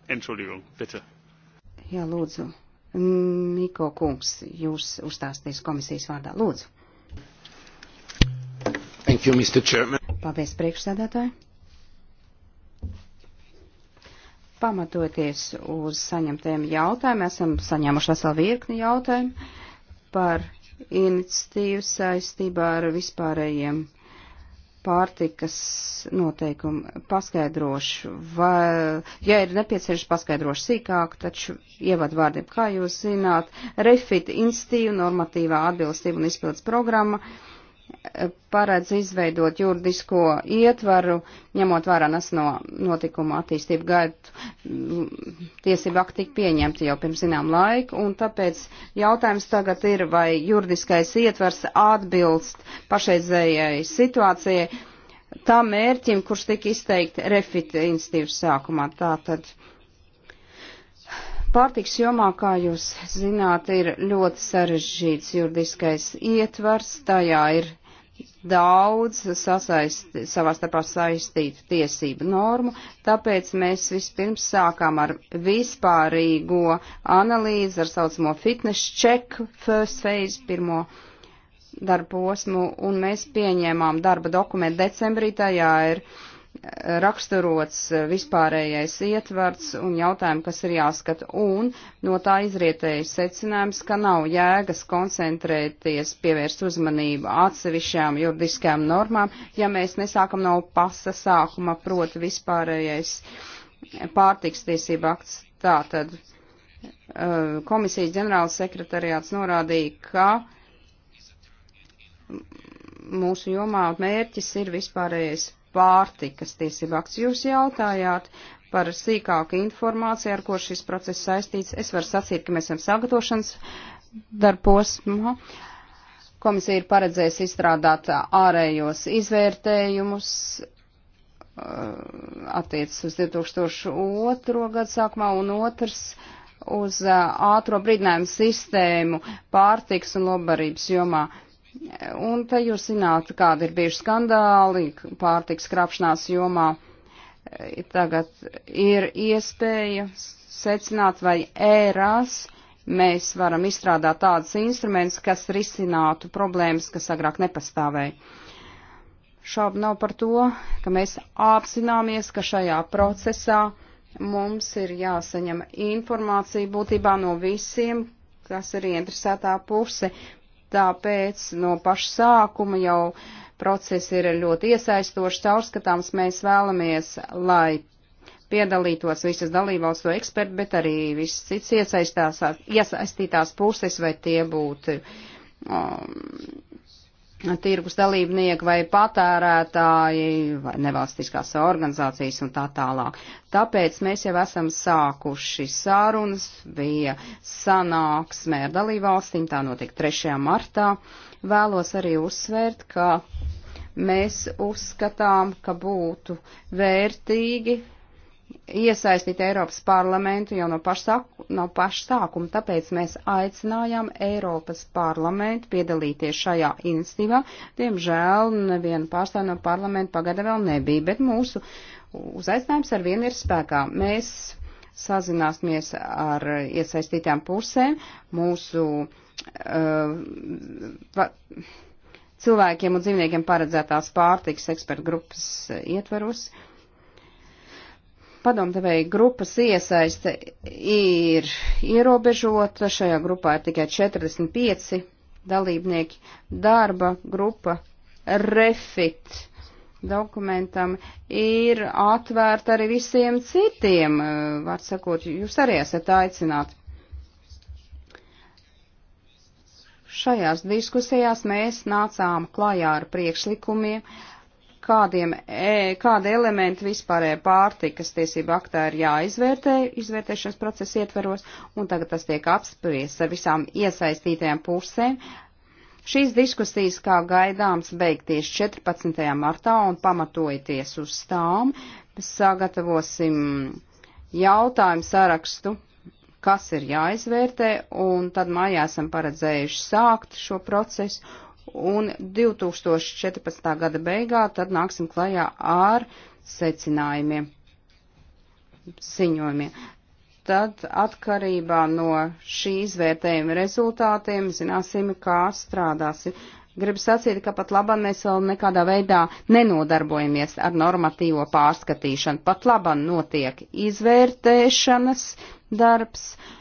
Entschuldigung, bitte. Jā, lūdzu. Miko kungs, jūs uzstāsties komisijas vārdā. Lūdzu. Thank you, Mr. Chairman. Paldies, priekšsēdētāji. Pamatoties uz saņemtiem jautājumiem, esam saņēmuši veselu virkni jautājumu par iniciatīvu saistībā ar vispārējiem pārtikas noteikumu paskaidrošu, vai, ja ir nepieciešams paskaidrošu sīkāk, taču ievadvārdiem, kā jūs zināt, refit institīva normatīvā atbilstība un izpildes programma. Uh, paredz izveidot juridisko ietvaru, ņemot vērā nesno notikumu attīstību gaidu. Mm, Tiesība akti tika pieņemta jau pirms zinām laika, un tāpēc jautājums tagad ir, vai juridiskais ietvers atbilst pašreizējai situācijai tam mērķim, kurš tika izteikti refit institīvas sākumā. Tātad pārtiks jomā, kā jūs zināt, ir ļoti sarežģīts juridiskais ietvars, tajā ir daudz sasaist, savā starpā saistītu tiesību normu, tāpēc mēs vispirms sākām ar vispārīgo analīzi, ar saucamo fitness check first phase, pirmo darba posmu, un mēs pieņēmām darba dokumentu decembrī, tajā ir uh, raksturots eh, vispārējais ietvarts un jautājumi, kas ir jāskata. Un no tā izrietēja secinājums, ka nav jēgas koncentrēties, pievērst uzmanību atsevišķām juridiskajām normām, ja mēs nesākam no pasa sākuma, proti vispārējais pārtiks tiesība akts. Tātad eh, komisijas ģenerāls sekretariāts norādīja, ka mūsu jomā mērķis ir vispārējais pārtikas tiesību akts. Jūs jautājāt par sīkāku informāciju, ar ko šis process saistīts. Es varu sacīt, ka mēs esam sagatavošanas darbposmā. Mhm. Komisija ir paredzējusi izstrādāt ārējos izvērtējumus eh, attiecas uz 2002. gadu sākumā un otrs uz eh, ātro brīdinājumu sistēmu pārtiks un lobarības jomā. Uh, Un te jūs zināt, kāda ir bijuši skandāli pārtiks krapšanās jomā. E, tagad ir iespēja secināt, vai ērās mēs varam izstrādāt tādus instrumentus, kas risinātu problēmas, kas agrāk nepastāvēja. Šaubu nav par to, ka mēs apzināmies, ka šajā procesā mums ir jāsaņem informācija būtībā no visiem, kas ir ieinteresētā puse tāpēc no paša sākuma jau process ir ļoti iesaistošs, caurskatāms. Mēs vēlamies, lai piedalītos visas dalībvalstu eksperti, bet arī visas cits iesaistītās puses, vai tie būtu um, tirgus dalībnieki vai patērētāji vai nevalstiskās organizācijas un tā tālāk. Tāpēc mēs jau esam sākuši sārunas, bija sanāksmē ar dalībvalstīm, tā notika 3. martā. Vēlos arī uzsvērt, ka mēs uzskatām, ka būtu vērtīgi iesaistīt Eiropas parlamentu jau no paša, no paša sākuma, tāpēc mēs aicinājām Eiropas parlamentu piedalīties šajā institīvā. Diemžēl neviena pārstāv no parlamenta pagada vēl nebija, bet mūsu uzaicinājums ar vienu ir spēkā. Mēs sazināsimies ar iesaistītām pusēm, mūsu uh, va, cilvēkiem un dzīvniekiem paredzētās pārtiks ekspertu grupas ietveros. Uh, padomdevēja grupas iesaiste ir ierobežota. Šajā grupā ir tikai 45 dalībnieki. Darba grupa refit dokumentam ir atvērta arī visiem citiem. Var sakot, jūs arī esat aicināti. Šajās diskusijās mēs nācām klajā ar priekšlikumiem. Uh, kādiem, e, kāda elementa vispārējā pārtikas tiesība aktā ir jāizvērtē, izvērtēšanas procesa ietveros, un tagad tas tiek apspriests ar visām iesaistītajām pusēm. Šīs diskusijas, kā gaidāms, beigties 14. martā un pamatojoties uz tām, sagatavosim jautājumu sarakstu, kas ir jāizvērtē, un tad mājā esam paredzējuši sākt šo procesu un 2014. gada beigā tad nāksim klajā ar secinājumiem, ziņojumiem. Tad atkarībā no šī izvērtējuma rezultātiem zināsim, kā strādāsim. Gribu sacīt, ka pat labam mēs vēl nekādā veidā nenodarbojamies ar normatīvo pārskatīšanu. Pat labam notiek izvērtēšanas darbs. Uh,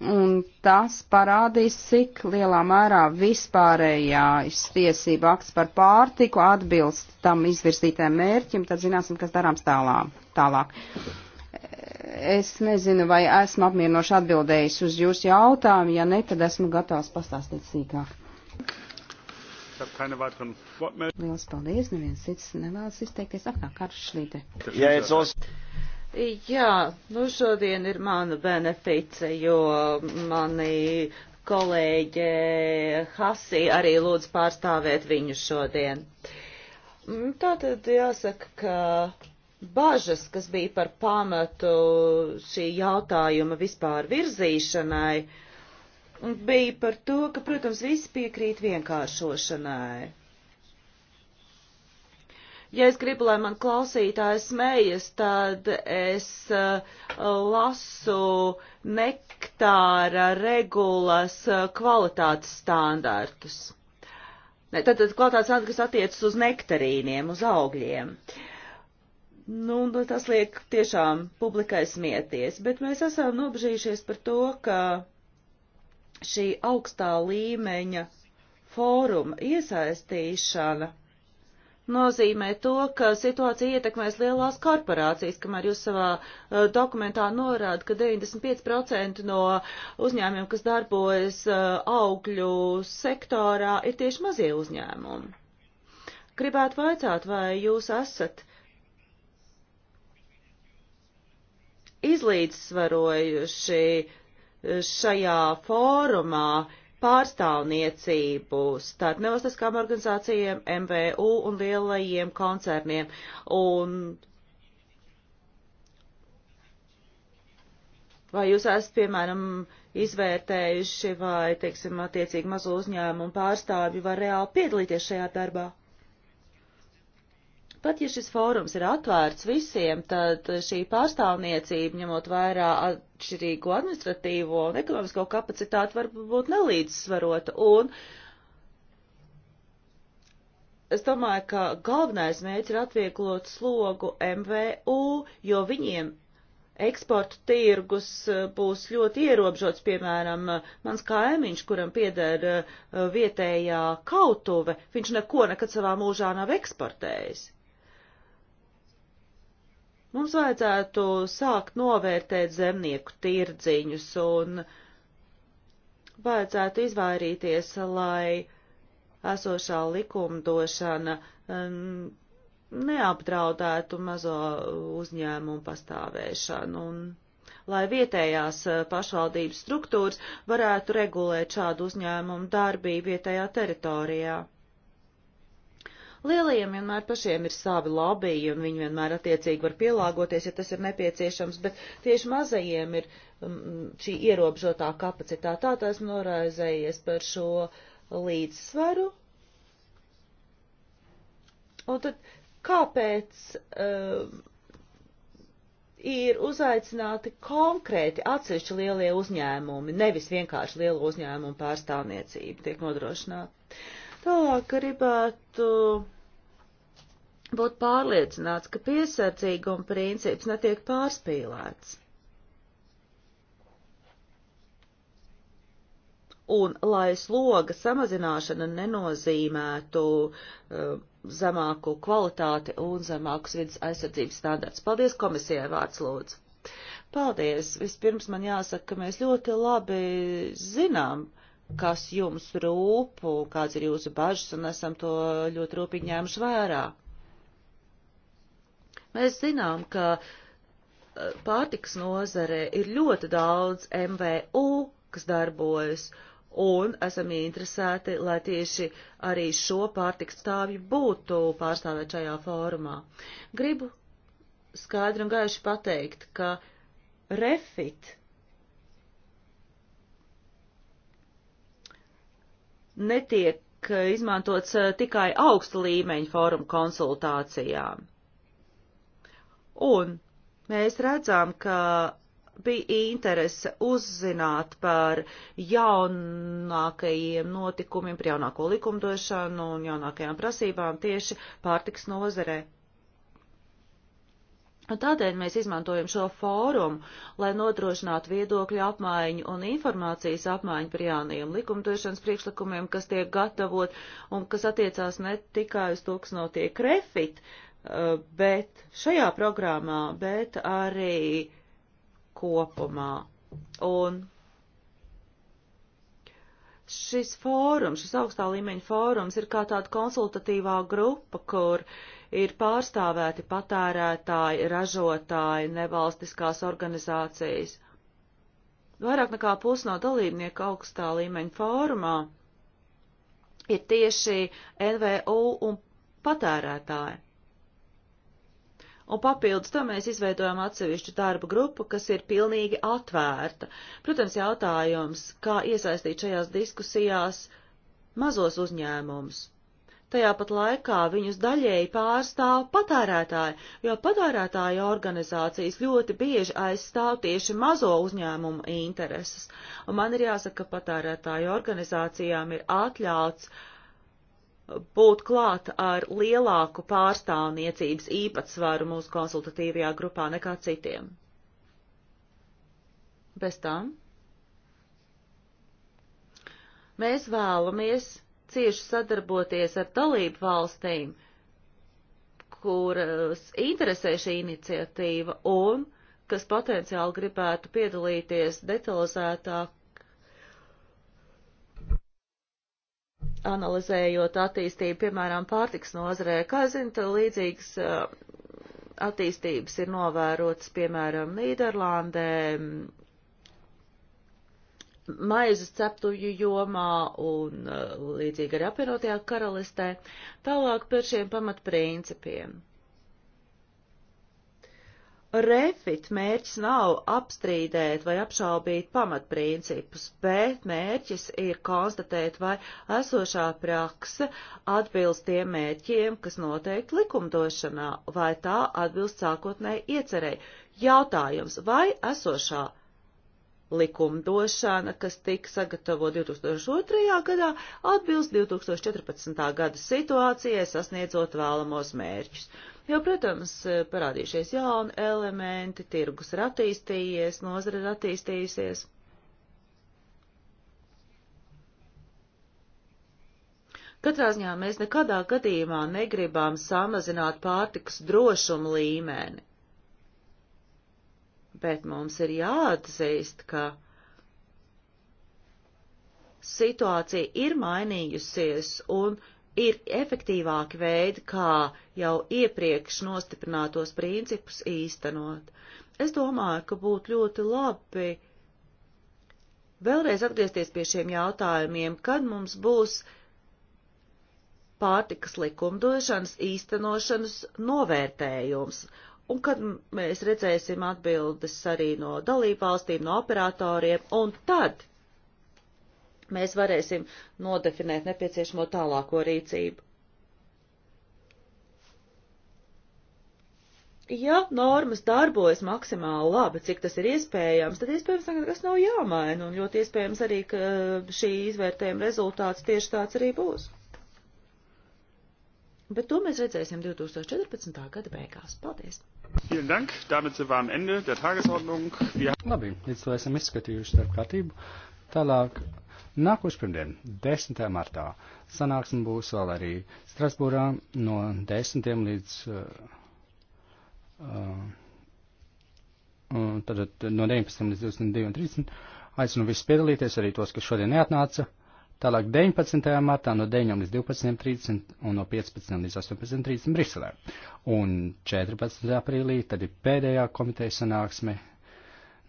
un tas parādīs, cik lielā mērā vispārējais tiesība akts par pārtiku atbilst tam izvirzītēm mērķim, tad zināsim, kas darāms tālāk. tālāk. Es nezinu, vai esmu apmierinoši atbildējis uz jūsu jautājumu, ja ne, tad esmu gatavs pastāstīt sīkāk. Lielas paldies, neviens cits nevēlas izteikties. Ah, kā karš šlīte. Ja, Jā, nu šodien ir mana benefice, jo mani kolēģe Hasi arī lūdz pārstāvēt viņu šodien. Mm, Tātad jāsaka, ka bažas, kas bija par pamatu šī jautājuma vispār virzīšanai, bija par to, ka, protams, visi piekrīt vienkāršošanai. Ja es gribu, lai man klausītājs smējas, tad es uh, lasu nektāra regulas uh, kvalitātes standartus. Ne, tad, tad kvalitātes standarti, kas attiecas uz nektarīniem, uz augļiem. Nu, tas liek tiešām publikai smieties, bet mēs esam nobežījušies par to, ka šī augstā līmeņa fóruma iesaistīšana nozīmē to, ka situācija ietekmēs lielās korporācijas, kamēr jūs savā uh, dokumentā norāda, ka 95% no uzņēmiem, kas darbojas uh, augļu sektorā, ir tieši mazie uzņēmumi. Gribētu vaicāt, vai jūs esat izlīdzsvarojuši šajā fórumā pārstāvniecību starp nevalstiskām organizācijām, MVU un lielajiem koncerniem. Un vai jūs esat, piemēram, izvērtējuši, vai, teiksim, attiecīgi mazo uzņēmumu pārstāvju var reāli piedalīties šajā darbā? Pat ja šis fórums ir atvērts visiem, tad šī pārstāvniecība, ņemot vērā atšķirīgo administratīvo un ekonomisko kapacitāti, var būt nelīdzsvarota. Un es domāju, ka galvenais mērķis ir atvieglot slogu MVU, jo viņiem eksporta tirgus eh, būs ļoti ierobežots, piemēram, mans kaimiņš, kuram pieder eh, vietējā kautuve, viņš neko nekad savā mūžā nav eksportējis. Mums vajadzētu sākt novērtēt zemnieku tirdziņus un vajadzētu izvairīties, lai esošā likumdošana um, neapdraudētu mazo uzņēmumu pastāvēšanu un lai vietējās uh, pašvaldības struktūras varētu regulēt šādu uzņēmumu darbību vietējā teritorijā. Lielajiem vienmēr pašiem ir savi lobby, un viņi vienmēr attiecīgi var pielāgoties, ja tas ir nepieciešams, bet tieši mazajiem ir um, šī ierobežotā kapacitāte. Tā tas noraizējies par šo līdzsvaru. Un tad kāpēc um, ir uzaicināti konkrēti atsevišķi lielie uzņēmumi, nevis vienkārši lielu uzņēmumu pārstāvniecība tiek nodrošināta? Tālāk gribētu būt pārliecināts, ka piesardzīguma princips netiek pārspīlēts. Un lai sloga samazināšana nenozīmētu uh, zemāku kvalitāti un zemākus vidas aizsardzības standarts. Paldies komisijai vārds lūdzu. Paldies. Vispirms man jāsaka, ka mēs ļoti labi zinām, uh, kas jums rūp, kāds ir jūsu bažas, un esam to ļoti rūpīgi ņēmuši vērā. Mēs zinām, ka e, pārtiks nozare ir ļoti daudz MVU, kas darbojas, un esam interesēti, lai tieši arī šo pārtiks stāvju būtu pārstāvēt šajā fórumā. Gribu skaidri un gaiši pateikt, ka refit netiek eh, izmantots eh, tikai augsta līmeņa fórumu konsultācijām. Un mēs redzam, ka bija interese uzzināt par jaunākajiem notikumiem, par jaunāko likumdošanu un jaunākajām prasībām tieši pārtiks nozarē. Tādēļ mēs izmantojam šo fórumu, lai nodrošinātu viedokļu apmaiņu un informācijas apmaiņu par jaunajiem likumdošanas priekšlikumiem, kas tiek gatavot un kas attiecās ne tikai uz to, kas notiek refit, uh, bet šajā programmā, bet arī kopumā. Un šis fórums, šis augstā līmeņa fórums ir kā tāda konsultatīvā grupa, kur uh, ir pārstāvēti patērētāji, ražotāji, nevalstiskās organizācijas. Vairāk nekā pus no dalībnieku augstā līmeņa fórumā ir tieši NVO un patērētāji. Un papildus tam mēs izveidojam atsevišķu darba grupu, kas ir pilnīgi atvērta. Protams, jautājums, kā iesaistīt šajās diskusijās mazos uzņēmumus. Tajā pat laikā viņus daļēji pārstāv patērētāji, jo patērētāja organizācijas ļoti bieži aizstāv tieši mazo uzņēmumu intereses. Un man ir jāsaka, ka patērētāja organizācijām ir atļauts būt klāt ar lielāku pārstāvniecības īpatsvaru mūsu konsultatīvajā grupā nekā citiem. Bez tam mēs vēlamies cieši sadarboties ar dalību valstīm, kuras interesē šī iniciatīva un kas potenciāli gribētu piedalīties detalizētāk, analizējot attīstību, piemēram, pārtiks nozarē. Kā zinat, līdzīgas uh, attīstības ir novērotas, piemēram, Nīderlandē, maizes ceptuju jomā un uh, līdzīgi arī apvienotajā karalistē, tālāk par šiem pamatprincipiem. Refit mērķis nav apstrīdēt vai apšaubīt pamatprincipus, bet mērķis ir konstatēt, vai esošā prakse atbilst tiem mērķiem, kas noteikti likumdošanā, vai tā atbilst sākotnēji iecerēji. Jautājums, vai esošā prakse likumdošana, kas tika sagatavo 2002. gadā, atbilst 2014. gada situācijai, sasniedzot vēlamos mērķus. Jo, protams, parādījušies jauni elementi, tirgus ir attīstījies, nozara ir attīstījusies. Katrā ziņā mēs nekadā gadījumā negribām samazināt pārtikas drošumu līmeni bet mums ir jāatzīst, ka situācija ir mainījusies un ir efektīvāki veidi, kā jau iepriekš nostiprinātos principus īstenot. Es domāju, ka būtu ļoti labi vēlreiz atgriezties pie šiem jautājumiem, kad mums būs pārtikas likumdošanas īstenošanas novērtējums, Un kad mēs redzēsim atbildes arī no dalībvalstīm, no operatoriem, un tad mēs varēsim nodefinēt nepieciešamo tālāko rīcību. Ja normas darbojas maksimāli labi, cik tas ir iespējams, tad iespējams, ka nekas nav jāmaina, un ļoti iespējams arī, ka šī izvērtējuma rezultāts tieši tāds arī būs. Bet to mēs redzēsim 2014. gada beigās. Paldies! Vielen Dank! Damit sind wir am Ende der Tagesordnung. Wir Labi, līdz to esam izskatījuši starp kārtību. Tālāk, nākošu pirmdien, 10. martā, sanāksme būs vēl arī Strasbūrā no 10. līdz. Uh, uh, uh tad no 19. līdz 22.30. Aicinu visus piedalīties, arī tos, kas šodien neatnāca tālāk 19. martā no 9 līdz 12.30 un no 15 līdz 18.30 Briselē. Un 14. aprīlī tad ir pēdējā komiteja sanāksme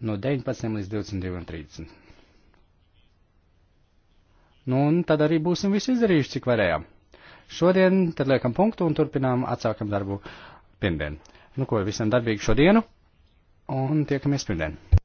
no 19 līdz 22.30. Nu, un tad arī būsim visu izdarījuši, cik varējām. Šodien tad liekam punktu un turpinām atsākam darbu pirmdien. Nu, ko visiem darbīgu šodienu un tiekamies pirmdien.